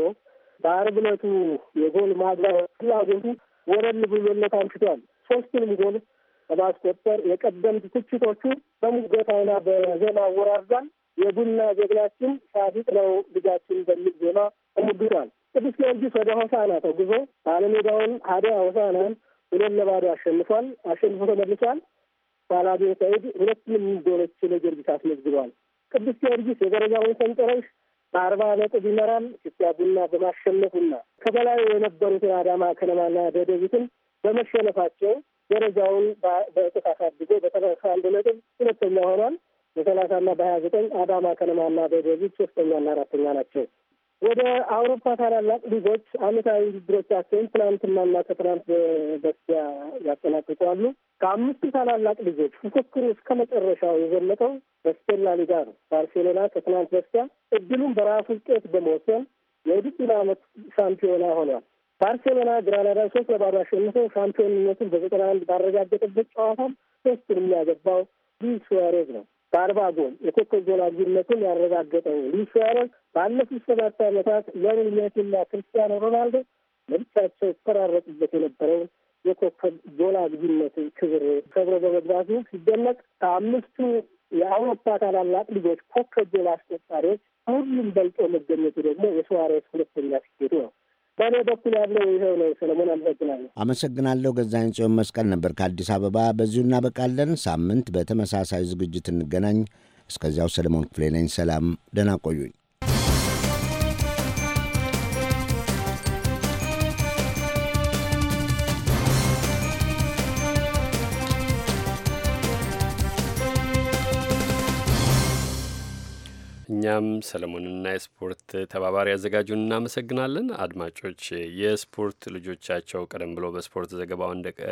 በአርብ ዕለቱ የጎል ማግባት ፍላጎቱ ወረል ብሎለት አምሽቷል። ሶስቱንም ጎል በማስቆጠር የቀደምት ትችቶቹ በሙገታውና በዜማ አወራርዷል። የቡና ጀግናችን ሳዲቅ ነው ልጃችን በሚል ዜማ ተሙግቷል። ቅዱስ ጊዮርጊስ ወደ ሆሳና ተጉዞ ባለሜዳውን ሀዲያ ሆሳናን ሁለት ለባዶ አሸንፏል አሸንፎ ተመልሷል። ባላቤ ሰይድ ሁለቱንም ጎሎች ለጊዮርጊስ አስመዝግቧል። ቅዱስ ጊዮርጊስ የደረጃውን ሰንጠረዥ በአርባ ነጥብ ቢመራም ኢትዮጵያ ቡና በማሸነፉና ከበላይ የነበሩትን አዳማ ከነማና ደደቢትን በመሸነፋቸው ደረጃውን በእጥፍ አሳድጎ በሰላሳ አንድ ነጥብ ሁለተኛ ሆኗል። በሰላሳና በሀያ ዘጠኝ አዳማ ከነማና ደደቢት ሶስተኛና አራተኛ ናቸው። ወደ አውሮፓ ታላላቅ ሊጎች አመታዊ ውድድሮቻቸውን ትናንትናና ከትናንት በስቲያ ያጠናቅቋሉ። ከአምስቱ ታላላቅ ሊጎች ፉክክሩ እስከ መጨረሻው የዘለቀው በስፔን ሊጋ ነው። ባርሴሎና ከትናንት በስቲያ እድሉን በራሱ ውጤት በመወሰን የውድድር አመት ሻምፒዮና ሆኗል። ባርሴሎና ግራናዳ ሶስት ለባዶ አሸንፎ ሻምፒዮንነቱን በዘጠና አንድ ባረጋገጠበት ጨዋታም ሶስቱን የሚያገባው ሉዊስ ሱዋሬዝ ነው። በአርባ ጎል የኮከብ ጎል አግቢነቱን ያረጋገጠው ሉዊስ ሱዋሬዝ ባለፉት ሰባት ዓመታት ያንኛትና ክርስቲያኖ ሮናልዶ ለብቻቸው ይፈራረቁበት የነበረው የኮከብ ጎል አግቢነት ክብር ከብሮ በመግባቱ ሲደነቅ ከአምስቱ የአውሮፓ ታላላቅ ልጆች ኮከብ ጎል አስቆጣሪዎች ሁሉም በልጦ መገኘቱ ደግሞ የሱዋሬስ ሁለተኛ ስኬቱ ነው። በእኔ በኩል ያለው ይኸው ነው። ሰለሞን አመሰግናለሁ። አመሰግናለሁ። ገዛኝ ጽዮን መስቀል ነበር ከአዲስ አበባ። በዚሁ እናበቃለን። ሳምንት በተመሳሳይ ዝግጅት እንገናኝ። እስከዚያው ሰለሞን ክፍሌ ነኝ። ሰላም፣ ደህና ቆዩኝ። እኛም ሰለሞንና የስፖርት ተባባሪ አዘጋጁን እናመሰግናለን። አድማጮች የስፖርት ልጆቻቸው ቀደም ብሎ በስፖርት ዘገባው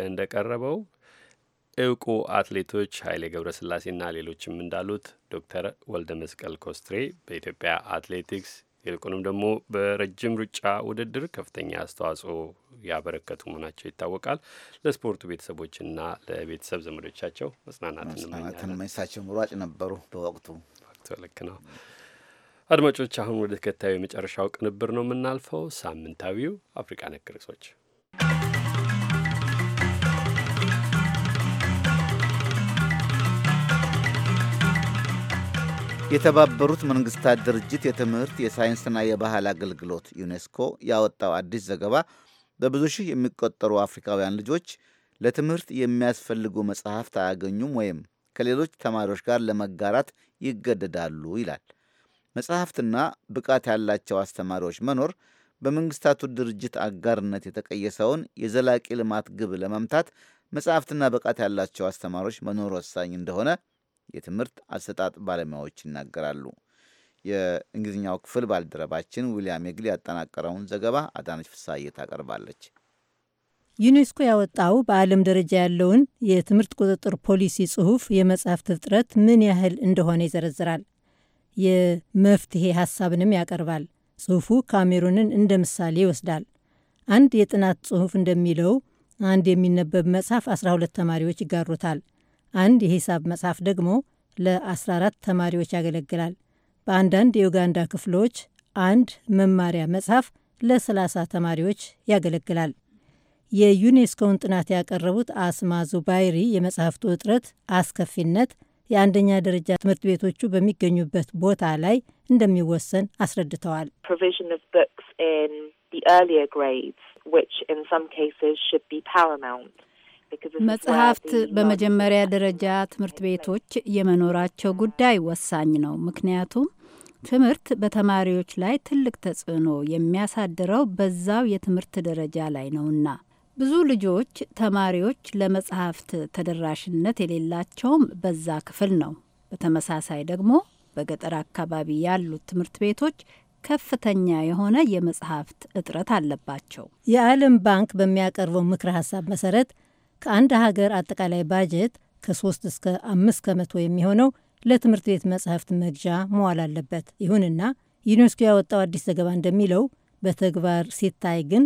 እንደቀረበው እውቁ አትሌቶች ኃይሌ ገብረስላሴና ሌሎችም እንዳሉት ዶክተር ወልደ መስቀል ኮስትሬ በኢትዮጵያ አትሌቲክስ ይልቁንም ደግሞ በረጅም ሩጫ ውድድር ከፍተኛ አስተዋጽኦ ያበረከቱ መሆናቸው ይታወቃል። ለስፖርቱ ቤተሰቦችና ለቤተሰብ ዘመዶቻቸው መጽናናትን መጽናናትን ሯጭ ነበሩ በወቅቱ። ወቅቱ ልክ ነው። አድማጮች አሁን ወደ ተከታዩ የመጨረሻው ቅንብር ነው የምናልፈው። ሳምንታዊው አፍሪቃ ነክ ርዕሶች የተባበሩት መንግስታት ድርጅት የትምህርት የሳይንስና የባህል አገልግሎት ዩኔስኮ ያወጣው አዲስ ዘገባ በብዙ ሺህ የሚቆጠሩ አፍሪካውያን ልጆች ለትምህርት የሚያስፈልጉ መጽሐፍት አያገኙም ወይም ከሌሎች ተማሪዎች ጋር ለመጋራት ይገደዳሉ ይላል። መጽሐፍትና ብቃት ያላቸው አስተማሪዎች መኖር በመንግስታቱ ድርጅት አጋርነት የተቀየሰውን የዘላቂ ልማት ግብ ለመምታት መጽሐፍትና ብቃት ያላቸው አስተማሪዎች መኖር ወሳኝ እንደሆነ የትምህርት አሰጣጥ ባለሙያዎች ይናገራሉ። የእንግሊዝኛው ክፍል ባልደረባችን ዊልያም የግል ያጠናቀረውን ዘገባ አዳነች ፍሳዬ ታቀርባለች። ዩኔስኮ ያወጣው በዓለም ደረጃ ያለውን የትምህርት ቁጥጥር ፖሊሲ ጽሑፍ የመጽሐፍት እጥረት ምን ያህል እንደሆነ ይዘረዝራል። የመፍትሄ ሀሳብንም ያቀርባል። ጽሑፉ ካሜሩንን እንደ ምሳሌ ይወስዳል። አንድ የጥናት ጽሑፍ እንደሚለው አንድ የሚነበብ መጽሐፍ 12 ተማሪዎች ይጋሩታል። አንድ የሂሳብ መጽሐፍ ደግሞ ለ14 ተማሪዎች ያገለግላል። በአንዳንድ የኡጋንዳ ክፍሎች አንድ መማሪያ መጽሐፍ ለ30 ተማሪዎች ያገለግላል። የዩኔስኮውን ጥናት ያቀረቡት አስማ ዙባይሪ የመጽሐፍቱ እጥረት አስከፊነት የአንደኛ ደረጃ ትምህርት ቤቶቹ በሚገኙበት ቦታ ላይ እንደሚወሰን አስረድተዋል። መጽሐፍት በመጀመሪያ ደረጃ ትምህርት ቤቶች የመኖራቸው ጉዳይ ወሳኝ ነው። ምክንያቱም ትምህርት በተማሪዎች ላይ ትልቅ ተጽዕኖ የሚያሳድረው በዛው የትምህርት ደረጃ ላይ ነውና ብዙ ልጆች ተማሪዎች ለመጽሐፍት ተደራሽነት የሌላቸውም በዛ ክፍል ነው። በተመሳሳይ ደግሞ በገጠር አካባቢ ያሉት ትምህርት ቤቶች ከፍተኛ የሆነ የመጽሐፍት እጥረት አለባቸው። የዓለም ባንክ በሚያቀርበው ምክረ ሀሳብ መሰረት ከአንድ ሀገር አጠቃላይ ባጀት ከ3 እስከ 5 ከመቶ የሚሆነው ለትምህርት ቤት መጽሐፍት መግዣ መዋል አለበት። ይሁንና ዩኔስኮ ያወጣው አዲስ ዘገባ እንደሚለው በተግባር ሲታይ ግን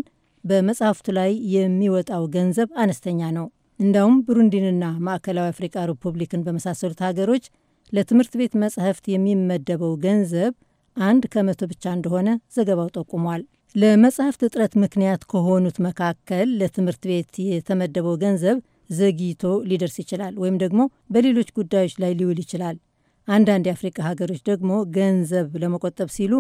በመጽሐፍቱ ላይ የሚወጣው ገንዘብ አነስተኛ ነው። እንዳውም ብሩንዲንና ማዕከላዊ አፍሪካ ሪፑብሊክን በመሳሰሉት ሀገሮች ለትምህርት ቤት መጽሕፍት የሚመደበው ገንዘብ አንድ ከመቶ ብቻ እንደሆነ ዘገባው ጠቁሟል። ለመጽሕፍት እጥረት ምክንያት ከሆኑት መካከል ለትምህርት ቤት የተመደበው ገንዘብ ዘግይቶ ሊደርስ ይችላል ወይም ደግሞ በሌሎች ጉዳዮች ላይ ሊውል ይችላል። አንዳንድ የአፍሪቃ ሀገሮች ደግሞ ገንዘብ ለመቆጠብ ሲሉ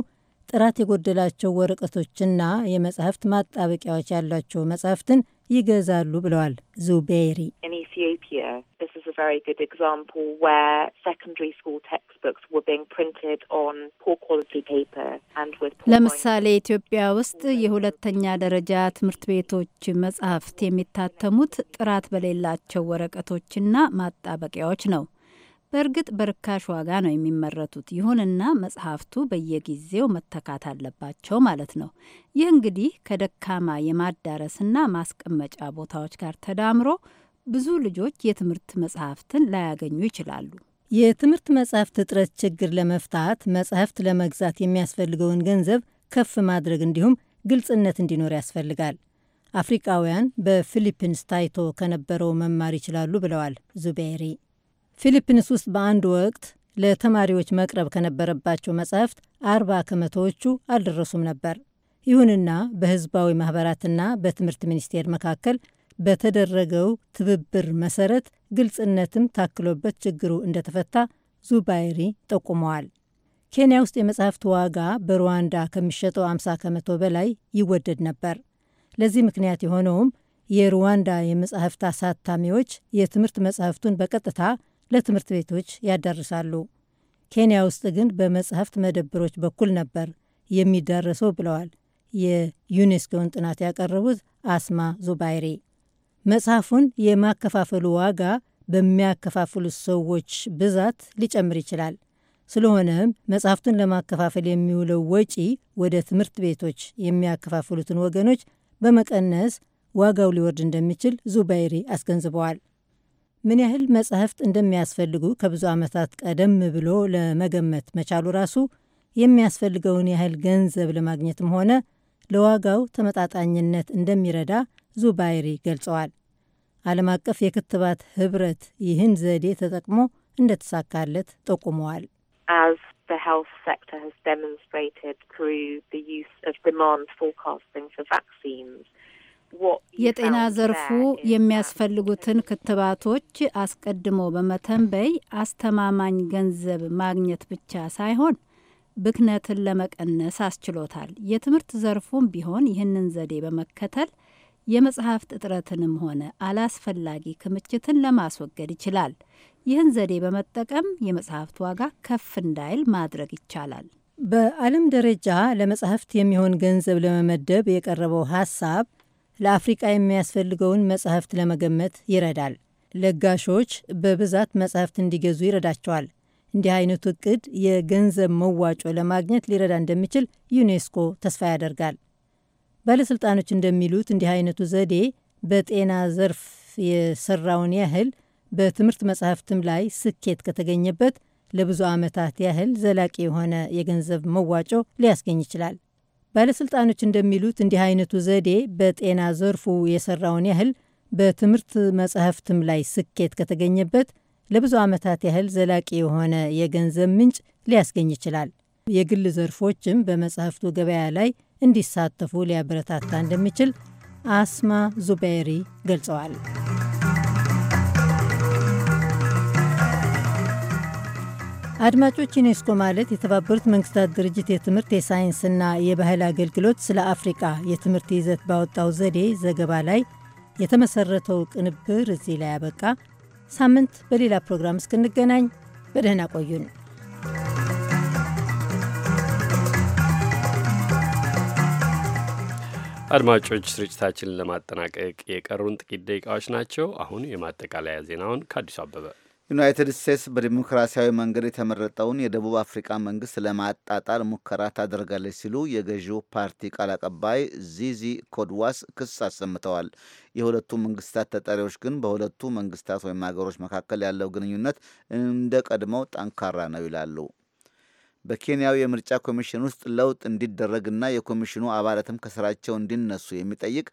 ጥራት የጎደላቸው ወረቀቶችና የመጽሐፍት ማጣበቂያዎች ያሏቸው መጽሐፍትን ይገዛሉ ብለዋል ዙቤሪ። ለምሳሌ ኢትዮጵያ ውስጥ የሁለተኛ ደረጃ ትምህርት ቤቶች መጽሐፍት የሚታተሙት ጥራት በሌላቸው ወረቀቶችና ማጣበቂያዎች ነው። በእርግጥ በርካሽ ዋጋ ነው የሚመረቱት። ይሁንና መጽሐፍቱ በየጊዜው መተካት አለባቸው ማለት ነው። ይህ እንግዲህ ከደካማ የማዳረስና ማስቀመጫ ቦታዎች ጋር ተዳምሮ ብዙ ልጆች የትምህርት መጽሐፍትን ላያገኙ ይችላሉ። የትምህርት መጽሐፍት እጥረት ችግር ለመፍታት መጽሐፍት ለመግዛት የሚያስፈልገውን ገንዘብ ከፍ ማድረግ እንዲሁም ግልጽነት እንዲኖር ያስፈልጋል። አፍሪቃውያን በፊሊፒንስ ታይቶ ከነበረው መማር ይችላሉ ብለዋል ዙቤሪ። ፊሊፒንስ ውስጥ በአንድ ወቅት ለተማሪዎች መቅረብ ከነበረባቸው መጻሕፍት አርባ ከመቶዎቹ አልደረሱም ነበር። ይሁንና በሕዝባዊ ማኅበራትና በትምህርት ሚኒስቴር መካከል በተደረገው ትብብር መሰረት ግልጽነትም ታክሎበት ችግሩ እንደተፈታ ዙባይሪ ጠቁመዋል። ኬንያ ውስጥ የመጽሕፍት ዋጋ በሩዋንዳ ከሚሸጠው 50 ከመቶ በላይ ይወደድ ነበር። ለዚህ ምክንያት የሆነውም የሩዋንዳ የመጽሕፍት አሳታሚዎች የትምህርት መጽሕፍቱን በቀጥታ ለትምህርት ቤቶች ያዳርሳሉ። ኬንያ ውስጥ ግን በመጽሕፍት መደብሮች በኩል ነበር የሚዳረሰው ብለዋል የዩኔስኮን ጥናት ያቀረቡት አስማ ዙባይሪ። መጽሐፉን የማከፋፈሉ ዋጋ በሚያከፋፍሉ ሰዎች ብዛት ሊጨምር ይችላል። ስለሆነም መጽሐፍቱን ለማከፋፈል የሚውለው ወጪ ወደ ትምህርት ቤቶች የሚያከፋፍሉትን ወገኖች በመቀነስ ዋጋው ሊወርድ እንደሚችል ዙባይሪ አስገንዝበዋል። ምን ያህል መጻሕፍት እንደሚያስፈልጉ ከብዙ ዓመታት ቀደም ብሎ ለመገመት መቻሉ ራሱ የሚያስፈልገውን ያህል ገንዘብ ለማግኘትም ሆነ ለዋጋው ተመጣጣኝነት እንደሚረዳ ዙባይሪ ገልጸዋል። ዓለም አቀፍ የክትባት ህብረት ይህን ዘዴ ተጠቅሞ እንደተሳካለት ጠቁመዋል። የጤና ዘርፉ የሚያስፈልጉትን ክትባቶች አስቀድሞ በመተንበይ አስተማማኝ ገንዘብ ማግኘት ብቻ ሳይሆን ብክነትን ለመቀነስ አስችሎታል። የትምህርት ዘርፉም ቢሆን ይህንን ዘዴ በመከተል የመጽሐፍት እጥረትንም ሆነ አላስፈላጊ ክምችትን ለማስወገድ ይችላል። ይህን ዘዴ በመጠቀም የመጽሐፍት ዋጋ ከፍ እንዳይል ማድረግ ይቻላል። በዓለም ደረጃ ለመጽሐፍት የሚሆን ገንዘብ ለመመደብ የቀረበው ሀሳብ ለአፍሪቃ የሚያስፈልገውን መጽሕፍት ለመገመት ይረዳል። ለጋሾች በብዛት መጽሕፍት እንዲገዙ ይረዳቸዋል። እንዲህ አይነቱ እቅድ የገንዘብ መዋጮ ለማግኘት ሊረዳ እንደሚችል ዩኔስኮ ተስፋ ያደርጋል። ባለሥልጣኖች እንደሚሉት እንዲህ አይነቱ ዘዴ በጤና ዘርፍ የሰራውን ያህል በትምህርት መጽሕፍትም ላይ ስኬት ከተገኘበት ለብዙ ዓመታት ያህል ዘላቂ የሆነ የገንዘብ መዋጮ ሊያስገኝ ይችላል። ባለሥልጣኖች እንደሚሉት እንዲህ አይነቱ ዘዴ በጤና ዘርፉ የሰራውን ያህል በትምህርት መጽሕፍትም ላይ ስኬት ከተገኘበት ለብዙ ዓመታት ያህል ዘላቂ የሆነ የገንዘብ ምንጭ ሊያስገኝ ይችላል። የግል ዘርፎችም በመጽሕፍቱ ገበያ ላይ እንዲሳተፉ ሊያበረታታ እንደሚችል አስማ ዙበይሪ ገልጸዋል። አድማጮች፣ ዩኔስኮ ማለት የተባበሩት መንግስታት ድርጅት የትምህርት የሳይንስና የባህል አገልግሎት ስለ አፍሪቃ የትምህርት ይዘት ባወጣው ዘዴ ዘገባ ላይ የተመሰረተው ቅንብር እዚህ ላይ ያበቃ። ሳምንት በሌላ ፕሮግራም እስክንገናኝ በደህና ቆዩን። አድማጮች፣ ስርጭታችንን ለማጠናቀቅ የቀሩን ጥቂት ደቂቃዎች ናቸው። አሁን የማጠቃለያ ዜናውን ከአዲሱ አበበ ዩናይትድ ስቴትስ በዲሞክራሲያዊ መንገድ የተመረጠውን የደቡብ አፍሪካ መንግስት ለማጣጣል ሙከራ ታደርጋለች ሲሉ የገዢው ፓርቲ ቃል አቀባይ ዚዚ ኮድዋስ ክስ አሰምተዋል። የሁለቱ መንግስታት ተጠሪዎች ግን በሁለቱ መንግስታት ወይም ሀገሮች መካከል ያለው ግንኙነት እንደ ቀድሞው ጠንካራ ነው ይላሉ። በኬንያው የምርጫ ኮሚሽን ውስጥ ለውጥ እንዲደረግና የኮሚሽኑ አባላትም ከስራቸው እንዲነሱ የሚጠይቅ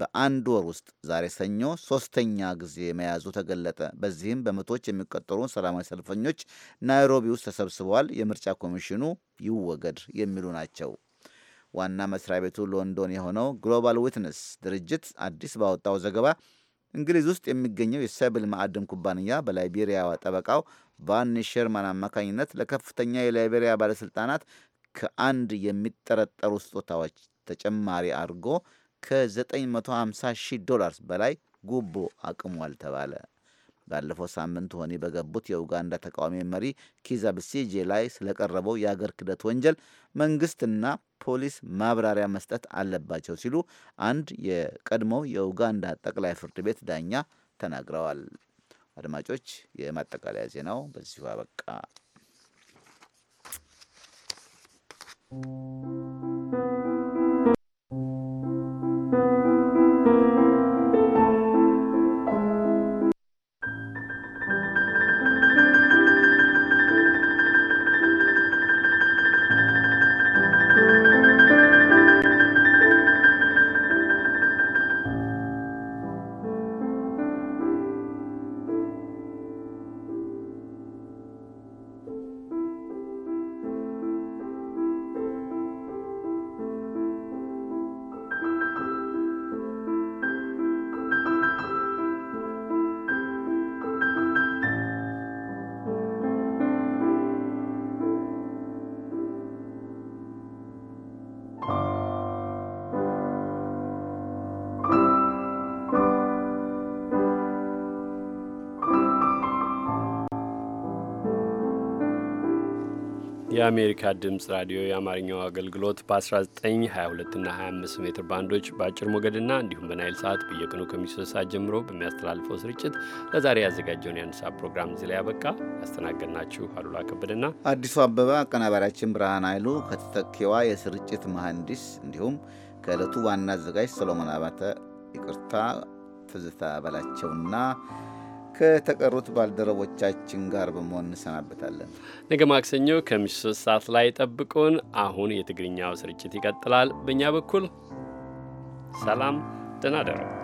በአንድ ወር ውስጥ ዛሬ ሰኞ ሶስተኛ ጊዜ መያዙ ተገለጠ። በዚህም በመቶዎች የሚቆጠሩ ሰላማዊ ሰልፈኞች ናይሮቢ ውስጥ ተሰብስበዋል። የምርጫ ኮሚሽኑ ይወገድ የሚሉ ናቸው። ዋና መስሪያ ቤቱ ሎንዶን የሆነው ግሎባል ዊትነስ ድርጅት አዲስ ባወጣው ዘገባ እንግሊዝ ውስጥ የሚገኘው የሰብል ማዕድን ኩባንያ በላይቤሪያዋ ጠበቃው ቫኒ ሸርማን አማካኝነት ለከፍተኛ የላይቤሪያ ባለሥልጣናት ከአንድ የሚጠረጠሩ ስጦታዎች ተጨማሪ አድርጎ ከ950 ሺህ ዶላርስ በላይ ጉቦ አቅሟል ተባለ። ባለፈው ሳምንት ወህኒ በገቡት የኡጋንዳ ተቃዋሚ መሪ ኪዛ ብሲጄ ላይ ስለቀረበው የአገር ክደት ወንጀል መንግስትና ፖሊስ ማብራሪያ መስጠት አለባቸው ሲሉ አንድ የቀድሞው የኡጋንዳ ጠቅላይ ፍርድ ቤት ዳኛ ተናግረዋል። አድማጮች፣ የማጠቃለያ ዜናው በዚሁ አበቃ። የአሜሪካ ድምፅ ራዲዮ የአማርኛው አገልግሎት በ1922 እና 25 ሜትር ባንዶች በአጭር ሞገድና እንዲሁም በናይል ሰዓት በየቀኑ ከምሽቱ ሶስት ሰዓት ጀምሮ በሚያስተላልፈው ስርጭት ለዛሬ ያዘጋጀውን የአንድ ሰዓት ፕሮግራም እዚህ ላይ ያበቃ። ያስተናገድናችሁ አሉላ ከበደና አዲሱ አበባ፣ አቀናባሪያችን ብርሃን ኃይሉ ከተተኪዋ የስርጭት መሐንዲስ እንዲሁም ከእለቱ ዋና አዘጋጅ ሰሎሞን አባተ፣ ይቅርታ ትዝታ በላቸውና ከተቀሩት ባልደረቦቻችን ጋር በመሆን እንሰናበታለን። ነገ ማክሰኞ ከምሽቱ ሶስት ሰዓት ላይ ጠብቁን። አሁን የትግርኛው ስርጭት ይቀጥላል። በእኛ በኩል ሰላም፣ ደህና እደሩ።